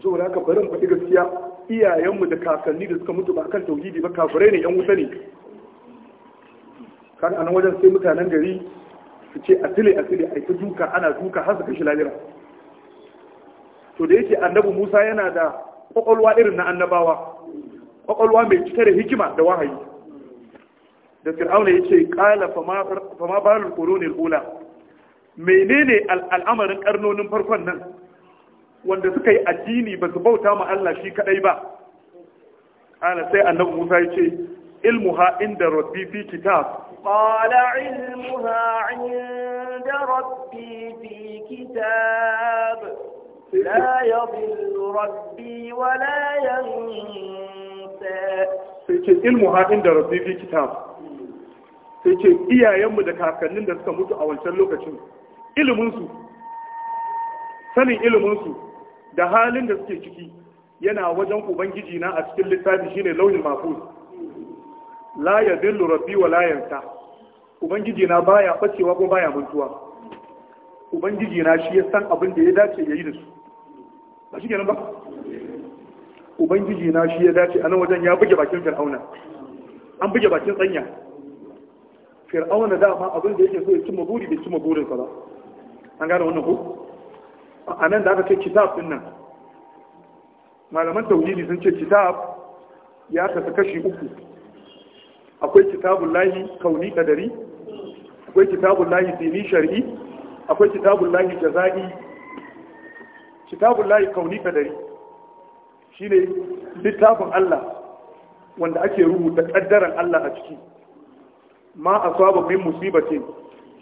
saboda haka bari mu faɗi gaskiya iyayenmu da kakanni da suka mutu ba kan tauhidi ba kafirai ne yan wuta ne kan anan wajen sai mutanen gari su ce atile atile a ta duka ana duka har su kashi lalira to da yake annabi Musa yana da kwakwalwa irin na annabawa kwakwalwa mai cike da hikima da wahayi da fir'auna ya ce kala fama balul koronin hula menene al'amarin karnonin farkon nan wanda suka yi addini ba su bauta ma Allah shi kadai ba kala sai annabi Musa ya ce ilmuha inda rabbi fi kitab qala ilmuha inda rabbi fi kitab لا يضل ربي ولا ينسى sai ilmu haɗin da rabbi fi kitab sai iyayenmu da kakannin da suka mutu a wancan lokacin iliminsu sanin iliminsu da halin da suke ciki yana wajen ubangiji na a cikin littafi shine launin mafus la ya dillu rabbi wa la yansa ubangiji na baya bacewa ko baya mantuwa ubangiji na shi ya san abin da ya dace ya yi da su ba shi ba ubangiji na shi ya dace a nan wajen ya buge bakin fir'auna an buge bakin tsanya fir'auna dama abin da yake so ya cimma buri bai cimma burinsa ba an gane wannan ko a nan da aka ce kitab din nan malaman tauhidi sun ce kitab ya kasa kashi uku akwai kitabun lahi kauni kadari akwai kitabun lahi dini shar'i akwai kitabun lahi jaza'i kitabun layi kauni kadari shi ne littafin Allah wanda ake rubuta ƙaddaren Allah a ciki ma a saba min musibatin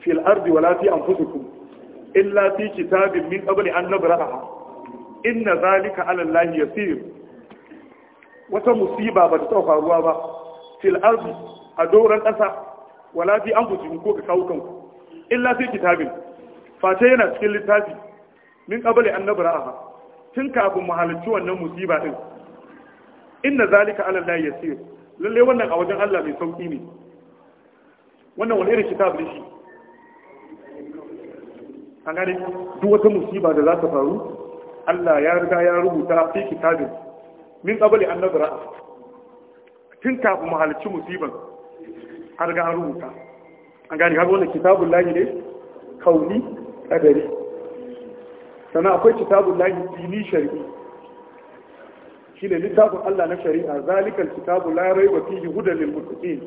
fil ardi wala fi anfusikum In fi kitabin min qabli an nabraha inna zalika ala ya yasir wata musiba ba ta taɓa faruwa ba fil ardi a doron ƙasa wala fi anfusikum ko ka kawo kanku illa fi kitabin fata yana cikin littafi min qabli an nabra'aha tun kafin mu halicci wannan musiba din inna zalika ala allahi yasir lalle wannan a wajen Allah mai sauki ne wannan wani irin kitab ne shi an gane duk wata musiba da za ta faru Allah ya riga ya rubuta fi kitabin min qabli an nabra'aha tun kafin mu halicci musiban har ga rubuta an gane har wannan kitabun ne kauni kadari sannan akwai kitabun lahi dini shari'i shi ne littafin Allah na shari'a zalikal kitabu la raiba fihi hudan lil muttaqin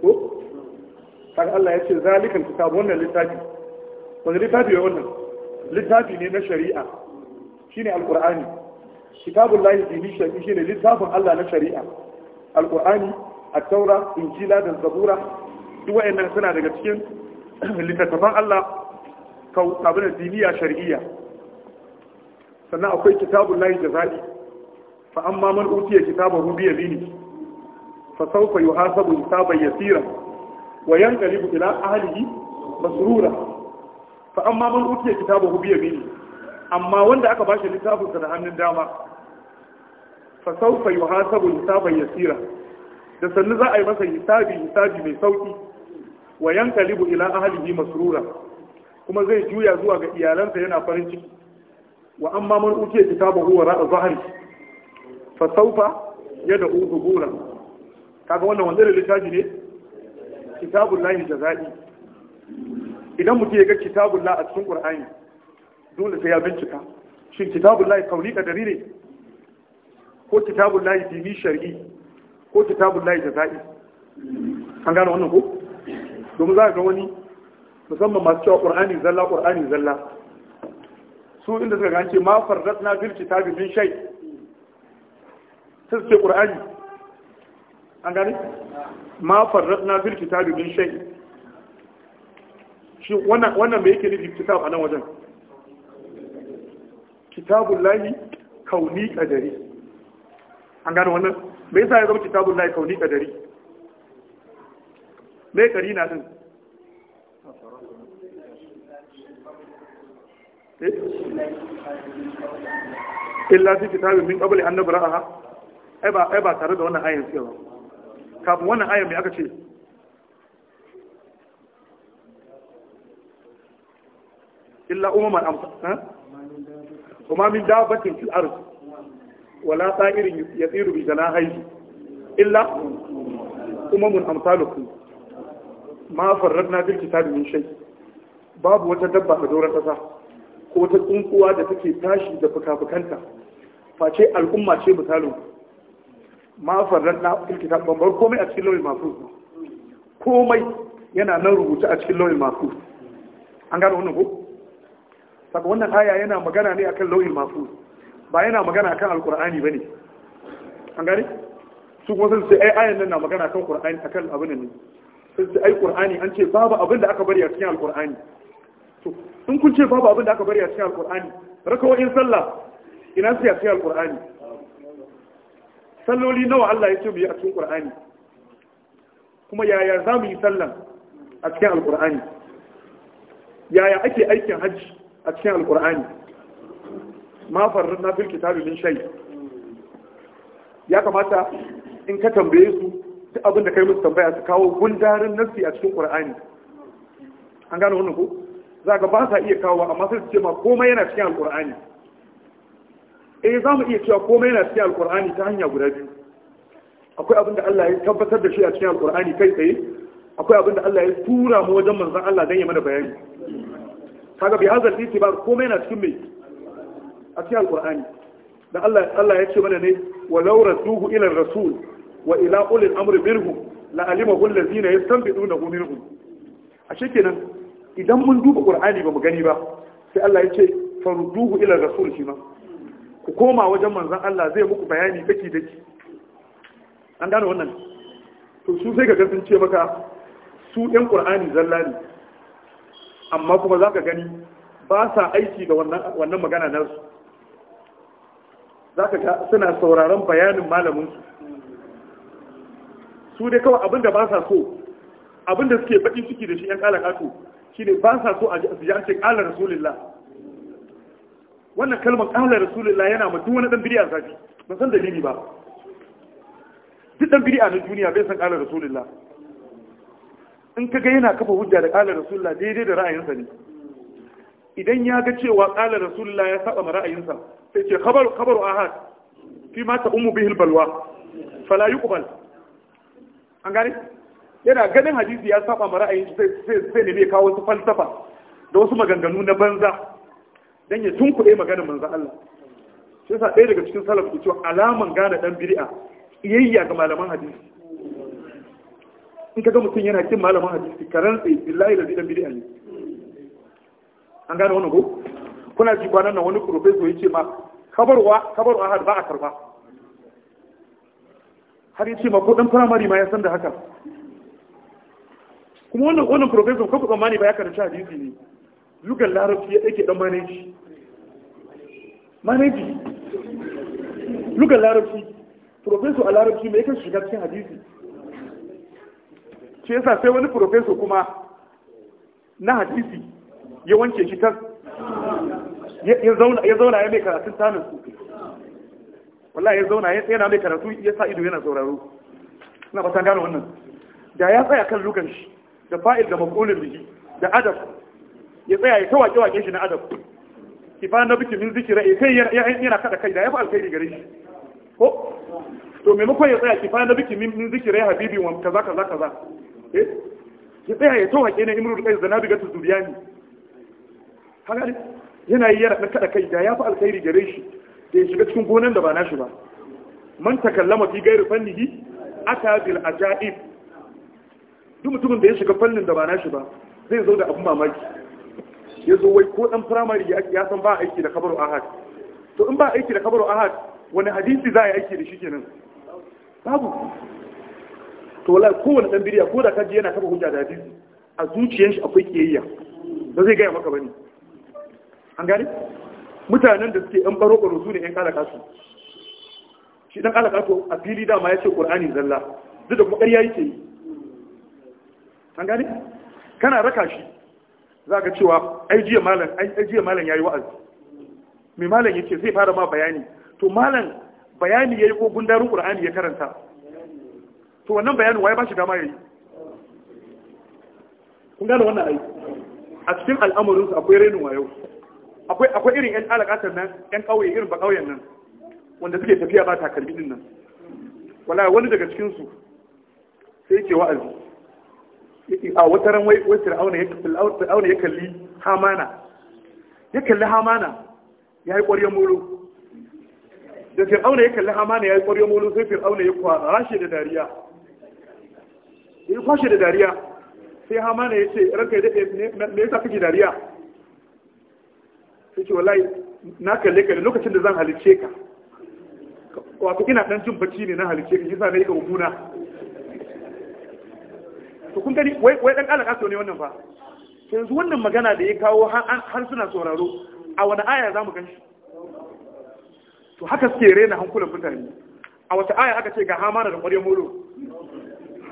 ko kaga Allah ya ce zalikal kitabu wannan littafi Wani littafi ne wannan littafi ne na shari'a Shi ne Alƙur'ani. Kitabun lahi dini shari'i ne littafin Allah na shari'a Alƙur'ani, at-taura injila da zabura duwa yana suna daga cikin littattafan Allah kau abin diniya shari'iyya sannan akwai kitabun lahi jaza'i fa amma man utiya kitabun rubiya bini. fa sawfa yuhasabu hisaban tsira wa yanqalibu ila ahlihi masurura. fa amma man utiya kitabun rubiya bini. amma wanda aka bashi littafin sa da hannun dama fa sawfa yuhasabu hisaban tsira da sannu za a yi masa hisabi hisabi mai sauki wa yanqalibu ila ahlihi masurura. kuma zai juya zuwa ga iyalansa yana farin ciki wa amma man uke kitabahu ra'a zahari fa sawfa yad'u zuhuran kaga wannan wanda littafi ne kitabul lahi jazai idan mutum ya ga kitabul lahi a cikin qur'ani dole sai ya bincika shin kitabul lahi kauli kadari ne ko kitabul lahi dini shar'i ko kitabul lahi jazai an gano wannan ko domin za ka ga wani musamman masu cewa qur'ani zalla qur'ani zalla su inda suka gance ma na bil kitabi min shay sai ce qur'ani an gani ma na bil kitabi min shay shi wannan wannan me yake nufi kitab a nan wajen kitabullahi kauni kadari an gani wannan me yasa ya zama kitabullahi kauni kadari me na din Eh? illa fi kitabin min qabli an nabra'aha ai ba ai ba tare da wannan ayan sai ba kafin wannan ayan me aka ce illa umuman amsa kuma min dabatin fil ard wala ta'irin yatiru bi janahihi illa umamun amsalukum ma farradna bil kitabi min shay babu wata dabba a doron kasa ko wata tsunkuwa da take tashi da fuka-fukanta face al'umma ce misalin ma farar na kirkita bambar komai a cikin lauyin masu komai yana nan rubuta a cikin lauyin masu an gano wannan ko saka wannan aya yana magana ne akan lauyin masu ba yana magana akan alkur'ani bane an ne. su kuma sun sai ayan nan na magana akan qur'ani akan abin ne sun sai ai ƙur'ani. an ce babu abin da aka bari a cikin alkur'ani in kun ce babu abin da aka bari a cikin alkur'ani rakawoyin sallah ina su cikin alkur'ani salloli nawa Allah ya ce mu yi a cikin alkur'ani kuma yaya za mu yi sallan a cikin alkur'ani yaya ake aikin hajji a cikin alkur'ani ma na fil kitabi min ya kamata in ka tambaye su duk abin da kai musu tambaya su kawo gundarin nafsi a cikin qur'ani an gano wannan ko za ga ba sa iya kawo amma sai su ce ma komai yana cikin alkur'ani eh za mu iya cewa komai yana cikin alkur'ani ta hanya guda biyu akwai abin da Allah ya tabbatar da shi a cikin alkur'ani kai tsaye akwai abin da Allah ya tura mu wajen manzon Allah dan ya mana bayani kaga bi hazal itibar komai yana cikin mai a cikin alkur'ani da Allah Allah ya ce mana ne walau rasuhu ila rasul wa ila ulil amri birhu la alimahu allazina yastanbiduna minhum a kenan idan mun duba qur'ani ba mu gani ba sai Allah ya ce farduhu ila rasul shi ma ku koma wajen manzon Allah zai muku bayani daki daki an gane wannan to su sai ka ga sun ce maka su ɗan qur'ani zalla ne amma kuma zaka gani ba sa aiki da wannan wannan magana su zaka ga suna sauraron bayanin malamin su su dai kawai abinda ba sa so abinda suke baki suke da shi ‘yan ƙala ƙato shine ba sa so a ji an ce qala rasulullah wannan kalmar kala rasulullah yana ma duk wani dan a zafi ban san dalili ba duk dan a na duniya bai san kala rasulullah in ka ga yana kafa hujja da qala rasulullah daidai da ra'ayinsa ne idan ya ga cewa kala rasulullah ya saba ra'ayinsa sai ce khabaru khabaru ahad fi ma ta'ummu bihi albalwa fala yuqbal an gane yana ganin hadisi ya saba ma ra'ayin sai sai ne kawo wasu falsafa da wasu maganganu na banza dan ya tunkuɗe maganar manzon Allah shi yasa ɗaya daga cikin salaf ke cewa alaman gane dan bid'a iyayya ga malaman hadisi in ga mutum yana kin malaman hadisi karan tsaye billahi da dan bid'a ne an gane wannan ko kuna ji kwanan nan wani professor yace ma kabarwa kabarwa ahad ba a karba har yace ma ko dan primary ma ya san da haka kuma wannan wannan professor ko kuma mani ba ya karanta hadisi ne lugar larabci ya dake dan manaji. Manaji, lugar larabci professor a larabci mai kan shiga cikin hadisi ce yasa sai wani professor kuma na hadisi ya wanke shi ta, ya zauna ya mai karatun tanin su wallahi ya zauna yana mai karatu ya sa ido yana sauraro ina ba ta gano wannan da ya tsaya kan lugan shi da fa'il da maqulun bihi da adab ya tsaya ya tawake wake shi na adab kifa na biki min zikira ya kai yana kada kai da ya fi alkhairi gare shi ko to maimakon ya tsaya kifa na biki min zikira ya habibi wa kaza kaza kaza eh ya tsaya ya tawake na imrul kai da nabi gatu zuriyani haka ne yana yi yana kada kai da ya fi alkhairi gare shi da ya shiga cikin gonan da ba nashi ba man takallama fi gairu fannihi aka bil ajaib duk mutumin da ya shiga fannin da ba na shi ba zai zo da abin mamaki ya zo wai ko dan firamare ya san ba aiki da kabaru ahad to in ba aiki da kabaru ahad wani hadisi za a yi aiki da shi kenan babu to wala kowane dan biriya ko da kaji yana kafa hujja da hadisi a zuciyar shi akwai kiyayya ba zai gaya maka bane an gane mutanen da suke yan baro baro su ne yan kala kasu shi dan kala kasu a fili dama ya ce qur'ani zalla duk da kuma ƙarya yake yi an gani kana raka shi za ka cewa ai jiya malam ai jiya malam yayi wa'azi mai malam yace zai fara ma bayani to malam bayani yayi ko gundarun qur'ani ya karanta to wannan bayanin waye ba shi dama yayi kun gane wannan ai a cikin al'amarin akwai renin wayo akwai akwai irin yan alaƙatar nan yan kauye irin ba kauyen nan wanda suke tafiya ba takalmi din nan wallahi wani daga cikin su sai yake wa'azi a wata ran wai wai fir'auna ya fir'auna ya kalli hamana ya kalli hamana ya yi ƙwarya molo da fir'auna ya kalli hamana ya yi ƙwarya molo sai fir'auna ya kwashe da dariya ya kwashe da dariya sai hamana ya ce ranka da daɗe me yasa kake dariya sai ce wallahi na kalle ka lokacin da zan halicce ka wato ina dan jin bacci ne na halicce ka yasa na yi ka mummuna to kun gani wai wai dan alaka ne wannan fa yanzu wannan magana da ya kawo har suna sauraro a wani aya za mu to haka suke rena hankulan mutane a wata aya aka ce ga hamana da ƙwarya molo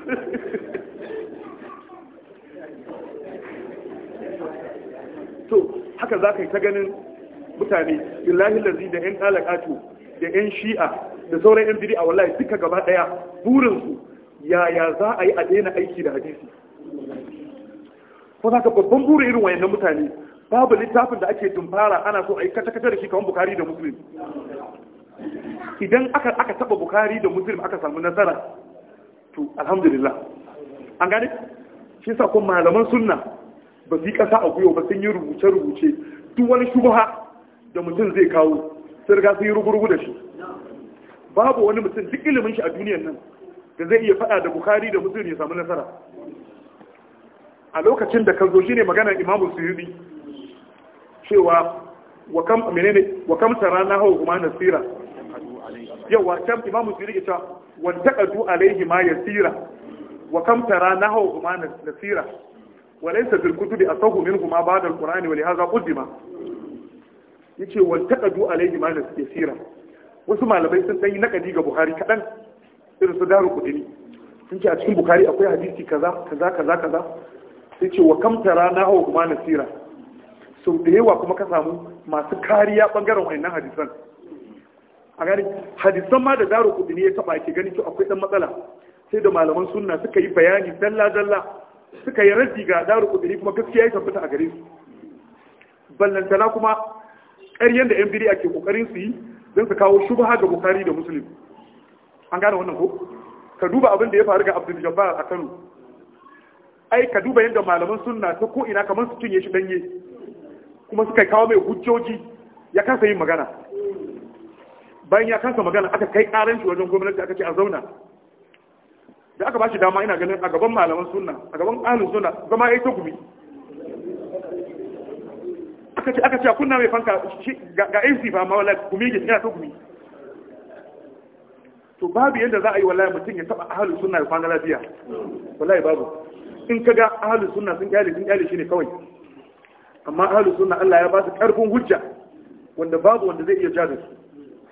<laughs> to haka za ka yi ta ganin mutane illahi lalzi da 'yan alaƙatu da 'yan shi'a da sauran 'yan biri a wallahi duka gaba ɗaya burinsu yaya za a yi a daina aiki da hadisi ko za ka babban buru irin wayannan mutane babu littafin da ake dumfara ana so a yi kata-kata da shi kawon bukari da musulun idan aka taba bukari da musulun aka samu nasara to alhamdulillah an gane shi sa kun malaman sunna ba su yi kasa a guyo ba sun yi rubuce-rubuce duk wani shubha da mutum zai kawo sun riga sun yi rubu-rubu da shi babu wani mutum duk ilimin shi a duniyar nan da zai iya faɗa da bukari da musulun ya samu nasara a lokacin da kan zo shine magana imamu suyubi cewa wa kam menene wa kam tarana hawa kuma nasira yawa can imamu suyubi ya wanda wa taqadu alaihi ma tsira wa kam na hau kuma nasira wa laysa zirkutu da asahu minhu wani ba'da alqur'ani wa lihaza qaddima ce wa taqadu alaihi ma tsira wasu malamai sun sanyi na ƙadi ga buhari kaɗan? irin su daru kudini sun ce a cikin bukari akwai hadisi kaza kaza kaza kaza sai ce wa na hawa kuma nasira sau da yawa kuma ka samu masu kariya bangaren wayannan hadisan a gani hadisan ma da daru kudini ya taba ake gani to akwai dan matsala sai da malaman sunna suka yi bayani dalla dalla suka yi raddi ga daru kudini kuma gaskiya ya tabbata a gare su ballantana kuma ƙaryen da yan biri ake kokarin su yi don su kawo shubha ga bukari da musulmi an gane wannan ko ka duba abin da ya faru ga abdul jabbar a kano ai ka duba yadda malaman sunna ta ko ina kamar su cinye shi danye kuma suka kawo mai hujjoji ya kasa yin magana bayan ya kasa magana aka kai karan shi wajen gwamnati aka ce a zauna da aka ba shi dama ina ganin a gaban malaman sunna a gaban ahlus sunna zama yayi ta gumi aka ce aka ce kunna mai fanka ga AC sifa ma wallahi gumi ke tsaya ta gumi to babu yadda za a yi wallahi mutum ya taba ahlus sunna ya kwana lafiya wallahi babu in kaga ahlus sunna sun kyale sun kyale shine kawai amma ahlus sunna Allah ya ba su karfin hujja wanda babu wanda zai iya ja su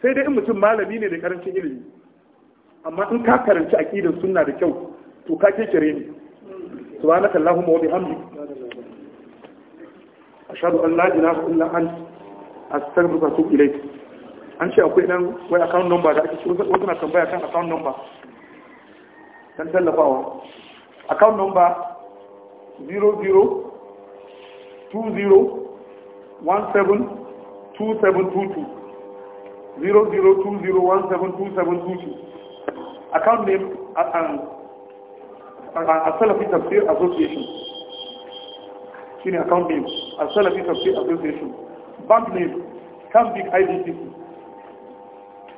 sai dai in mutum malami ne da karancin ilimi amma in ka karanci aqidar sunna da kyau to ka kekere ni subhanaka allahumma wa bihamdik ashhadu an la ilaha illa anta astaghfiruka wa atubu ilayk an ce akwai nan wai account number da ake cikin wasu na tambaya kan account number don tallafawa account number 0020172722 0020172722 account name a salafi tafsir association shi ne account name a salafi tafsir association bank name kan big idtc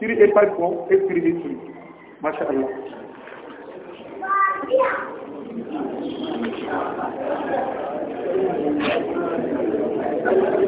3854-8383. Masha Allah. Thank you.